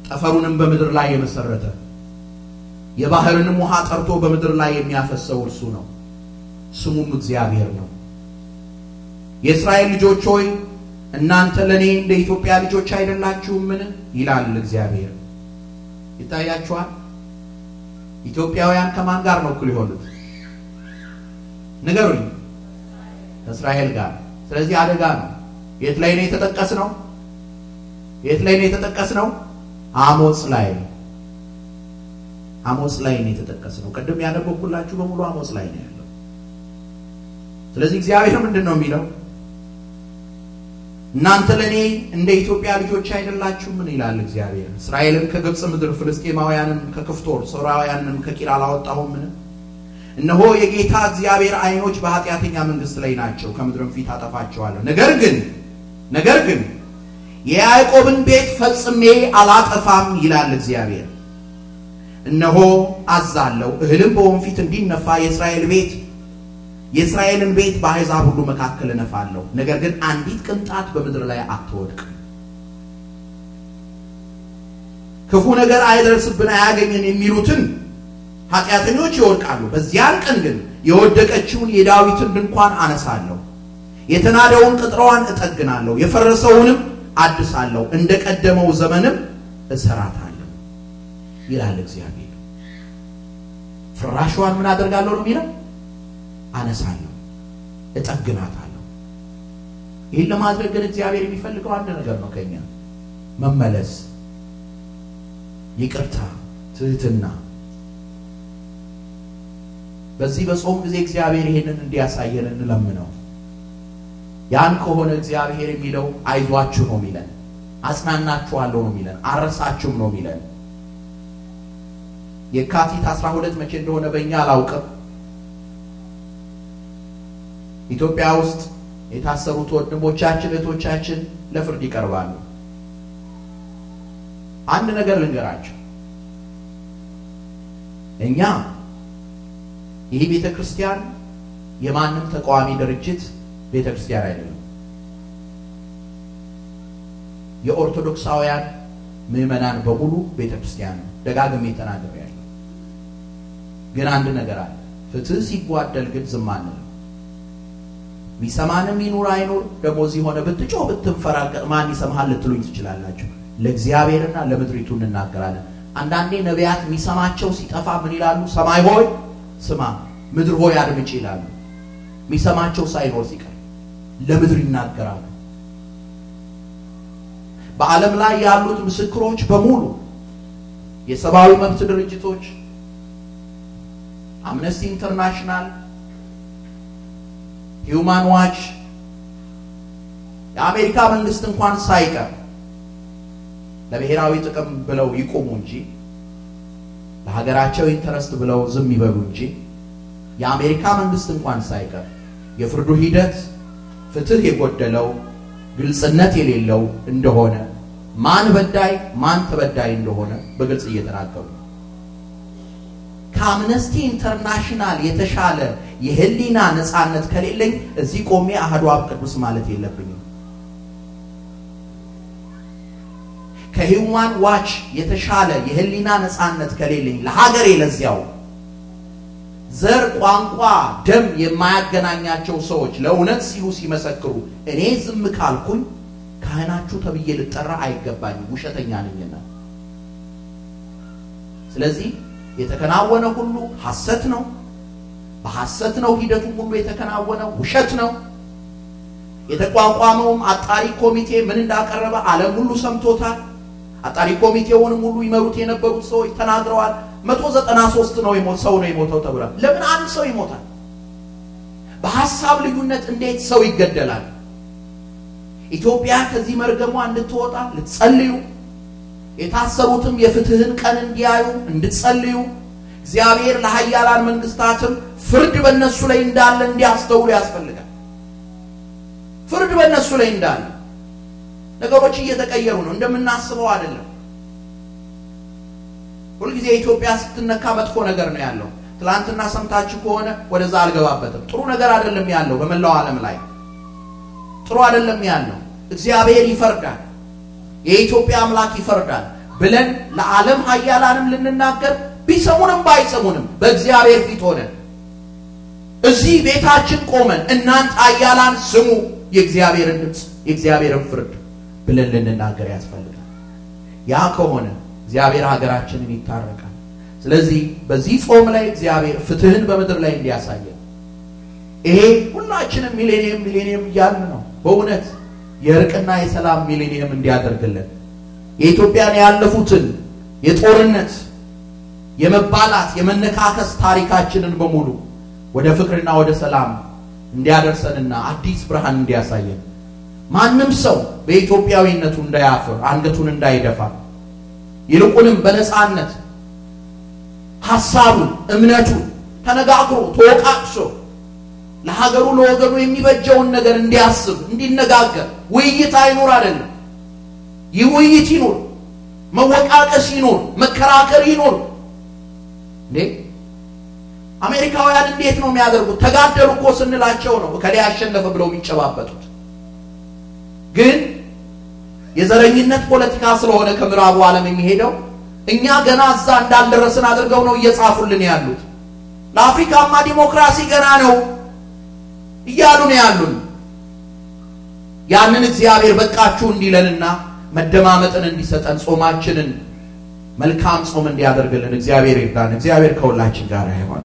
Speaker 1: ጠፈሩንም በምድር ላይ የመሰረተ የባህርንም ውሃ ጠርቶ በምድር ላይ የሚያፈሰው እርሱ ነው፣ ስሙም እግዚአብሔር ነው። የእስራኤል ልጆች ሆይ እናንተ ለእኔ እንደ ኢትዮጵያ ልጆች አይደላችሁምን? ይላል እግዚአብሔር። ይታያችኋል። ኢትዮጵያውያን ከማን ጋር ነው እኩል የሆኑት? ንገሩኝ። ከእስራኤል ጋር። ስለዚህ አደጋ ነው። የት ላይ ነው የተጠቀስ ነው? የት ላይ ነው የተጠቀስ ነው? አሞጽ ላይ አሞጽ ላይ ነው የተጠቀስ ነው። ቅድም ያነበብኩላችሁ በሙሉ አሞጽ ላይ ነው ያለው። ስለዚህ እግዚአብሔር ምንድን ነው የሚለው እናንተ ለእኔ እንደ ኢትዮጵያ ልጆች አይደላችሁምን? ይላል እግዚአብሔር። እስራኤልን ከግብፅ ምድር ፍልስጤማውያንን ከክፍቶር ሶራውያንንም ከቂል ምን እነሆ የጌታ እግዚአብሔር ዓይኖች በኃጢአተኛ መንግሥት ላይ ናቸው፣ ከምድርም ፊት አጠፋቸዋለሁ። ነገር ግን ነገር ግን የያዕቆብን ቤት ፈጽሜ አላጠፋም ይላል እግዚአብሔር። እነሆ አዛለሁ፣ እህልም በወንፊት እንዲነፋ የእስራኤል ቤት የእስራኤልን ቤት በአሕዛብ ሁሉ መካከል እነፋለሁ፣ ነገር ግን አንዲት ቅንጣት በምድር ላይ አትወድቅ። ክፉ ነገር አይደርስብን አያገኘን የሚሉትን ኃጢአተኞች ይወድቃሉ። በዚያን ቀን ግን የወደቀችውን የዳዊትን ድንኳን አነሳለሁ፣ የተናደውን ቅጥረዋን እጠግናለሁ፣ የፈረሰውንም አድሳለሁ፣ እንደ ቀደመው ዘመንም እሰራታለሁ ይላል እግዚአብሔር። ፍራሿን ምን አደርጋለሁ ነው የሚለው አነሳለሁ፣ እጠግናታለሁ። ይህን ለማድረግ ግን እግዚአብሔር የሚፈልገው አንድ ነገር ነው ከኛ መመለስ፣ ይቅርታ፣ ትህትና። በዚህ በጾም ጊዜ እግዚአብሔር ይሄንን እንዲያሳየን እንለምነው። ያን ከሆነ እግዚአብሔር የሚለው አይዟችሁ ነው የሚለን፣ አጽናናችኋለሁ ነው የሚለን፣ አረሳችሁም ነው የሚለን። የካቲት አስራ ሁለት መቼ እንደሆነ በእኛ አላውቅም። ኢትዮጵያ ውስጥ የታሰሩት ወንድሞቻችን እህቶቻችን ለፍርድ ይቀርባሉ። አንድ ነገር ልንገራቸው፣ እኛ ይህ ቤተ ክርስቲያን የማንም ተቃዋሚ ድርጅት ቤተ ክርስቲያን አይደለም። የኦርቶዶክሳውያን ምዕመናን በሙሉ ቤተ ክርስቲያን ነው። ደጋግሜ ተናግሬያለሁ። ግን አንድ ነገር አለ፣ ፍትህ ሲጓደል ግን ዝም አንልም። ሚሰማንም ይኑር አይኑር ደግሞ እዚህ ሆነ ብትጮህ ብትንፈራገጥ ማን ይሰማሃል ልትሉኝ ትችላላችሁ። ለእግዚአብሔርና ለምድሪቱ እንናገራለን። አንዳንዴ ነቢያት የሚሰማቸው ሲጠፋ ምን ይላሉ? ሰማይ ሆይ ስማ፣ ምድር ሆይ አድምጭ ይላሉ። የሚሰማቸው ሳይኖር ሲቀር ለምድር ይናገራሉ። በዓለም ላይ ያሉት ምስክሮች በሙሉ የሰብአዊ መብት ድርጅቶች፣ አምነስቲ ኢንተርናሽናል ሂውማን ዋች የአሜሪካ መንግስት እንኳን ሳይቀር ለብሔራዊ ጥቅም ብለው ይቆሙ እንጂ ለሀገራቸው ኢንተረስት ብለው ዝም ይበሉ እንጂ የአሜሪካ መንግስት እንኳን ሳይቀር የፍርዱ ሂደት ፍትህ የጎደለው ግልጽነት የሌለው እንደሆነ ማን በዳይ ማን ተበዳይ እንደሆነ በግልጽ እየተናገሩ ከአምነስቲ ኢንተርናሽናል የተሻለ የህሊና ነፃነት ከሌለኝ እዚህ ቆሜ አህዶ አብ ቅዱስ ማለት የለብኝም። ከሂውማን ዋች የተሻለ የህሊና ነፃነት ከሌለኝ ለሀገሬ፣ ለዚያው ዘር፣ ቋንቋ፣ ደም የማያገናኛቸው ሰዎች ለእውነት ሲሉ ሲመሰክሩ እኔ ዝም ካልኩኝ ካህናችሁ ተብዬ ልጠራ አይገባኝም፣ ውሸተኛ ነኝና ስለዚህ የተከናወነ ሁሉ ሐሰት ነው። በሐሰት ነው ሂደቱ ሁሉ የተከናወነ ውሸት ነው። የተቋቋመውም አጣሪ ኮሚቴ ምን እንዳቀረበ ዓለም ሁሉ ሰምቶታል። አጣሪ ኮሚቴውንም ሁሉ ይመሩት የነበሩት ሰዎች ተናግረዋል። መቶ ዘጠና ሶስት ነው ሰው ነው የሞተው ተብሏል። ለምን አንድ ሰው ይሞታል? በሐሳብ ልዩነት እንዴት ሰው ይገደላል? ኢትዮጵያ ከዚህ መርገሟ እንድትወጣ ልትጸልዩ የታሰሩትም የፍትህን ቀን እንዲያዩ እንድትጸልዩ እግዚአብሔር ለሀያላን መንግስታትም ፍርድ በእነሱ ላይ እንዳለ እንዲያስተውሉ ያስፈልጋል። ፍርድ በእነሱ ላይ እንዳለ ነገሮች እየተቀየሩ ነው፣ እንደምናስበው አይደለም። ሁልጊዜ ኢትዮጵያ ስትነካ መጥፎ ነገር ነው ያለው። ትላንትና ሰምታችሁ ከሆነ ወደዛ አልገባበትም። ጥሩ ነገር አይደለም ያለው፣ በመላው ዓለም ላይ ጥሩ አይደለም ያለው። እግዚአብሔር ይፈርዳል። የኢትዮጵያ አምላክ ይፈርዳል ብለን ለዓለም ሀያላንም ልንናገር ቢሰሙንም ባይሰሙንም በእግዚአብሔር ፊት ሆነን እዚህ ቤታችን ቆመን እናንተ ሀያላን ስሙ የእግዚአብሔርን ድምፅ የእግዚአብሔርን ፍርድ ብለን ልንናገር ያስፈልጋል። ያ ከሆነ እግዚአብሔር ሀገራችንን ይታረቃል። ስለዚህ በዚህ ጾም ላይ እግዚአብሔር ፍትህን በምድር ላይ እንዲያሳየን ይሄ ሁላችንም ሚሌኒየም ሚሌኒየም እያልን ነው በእውነት የእርቅና የሰላም ሚሊኒየም እንዲያደርግልን የኢትዮጵያን ያለፉትን የጦርነት የመባላት የመነካከስ ታሪካችንን በሙሉ ወደ ፍቅርና ወደ ሰላም እንዲያደርሰንና አዲስ ብርሃን እንዲያሳየን ማንም ሰው በኢትዮጵያዊነቱ እንዳያፍር አንገቱን እንዳይደፋ ይልቁንም በነፃነት ሐሳቡን እምነቱን ተነጋግሮ ተወቃቅሶ ለሀገሩ ለወገኑ የሚበጀውን ነገር እንዲያስብ እንዲነጋገር ውይይት አይኖር አይደለም። ይህ ውይይት ይኖር፣ መወቃቀስ ይኖር፣ መከራከር ይኖር። እንዴ አሜሪካውያን እንዴት ነው የሚያደርጉት? ተጋደሉ እኮ ስንላቸው ነው ከላይ አሸነፈ ብለው የሚጨባበጡት። ግን የዘረኝነት ፖለቲካ ስለሆነ ከምዕራቡ ዓለም የሚሄደው እኛ ገና እዛ እንዳልደረስን አድርገው ነው እየጻፉልን ያሉት። ለአፍሪካማ ዲሞክራሲ ገና ነው እያሉ ነው ያሉን። ያንን እግዚአብሔር በቃችሁ እንዲለንና መደማመጥን እንዲሰጠን ጾማችንን መልካም ጾም እንዲያደርግልን እግዚአብሔር ይርዳን። እግዚአብሔር ከሁላችን ጋር ይሆን።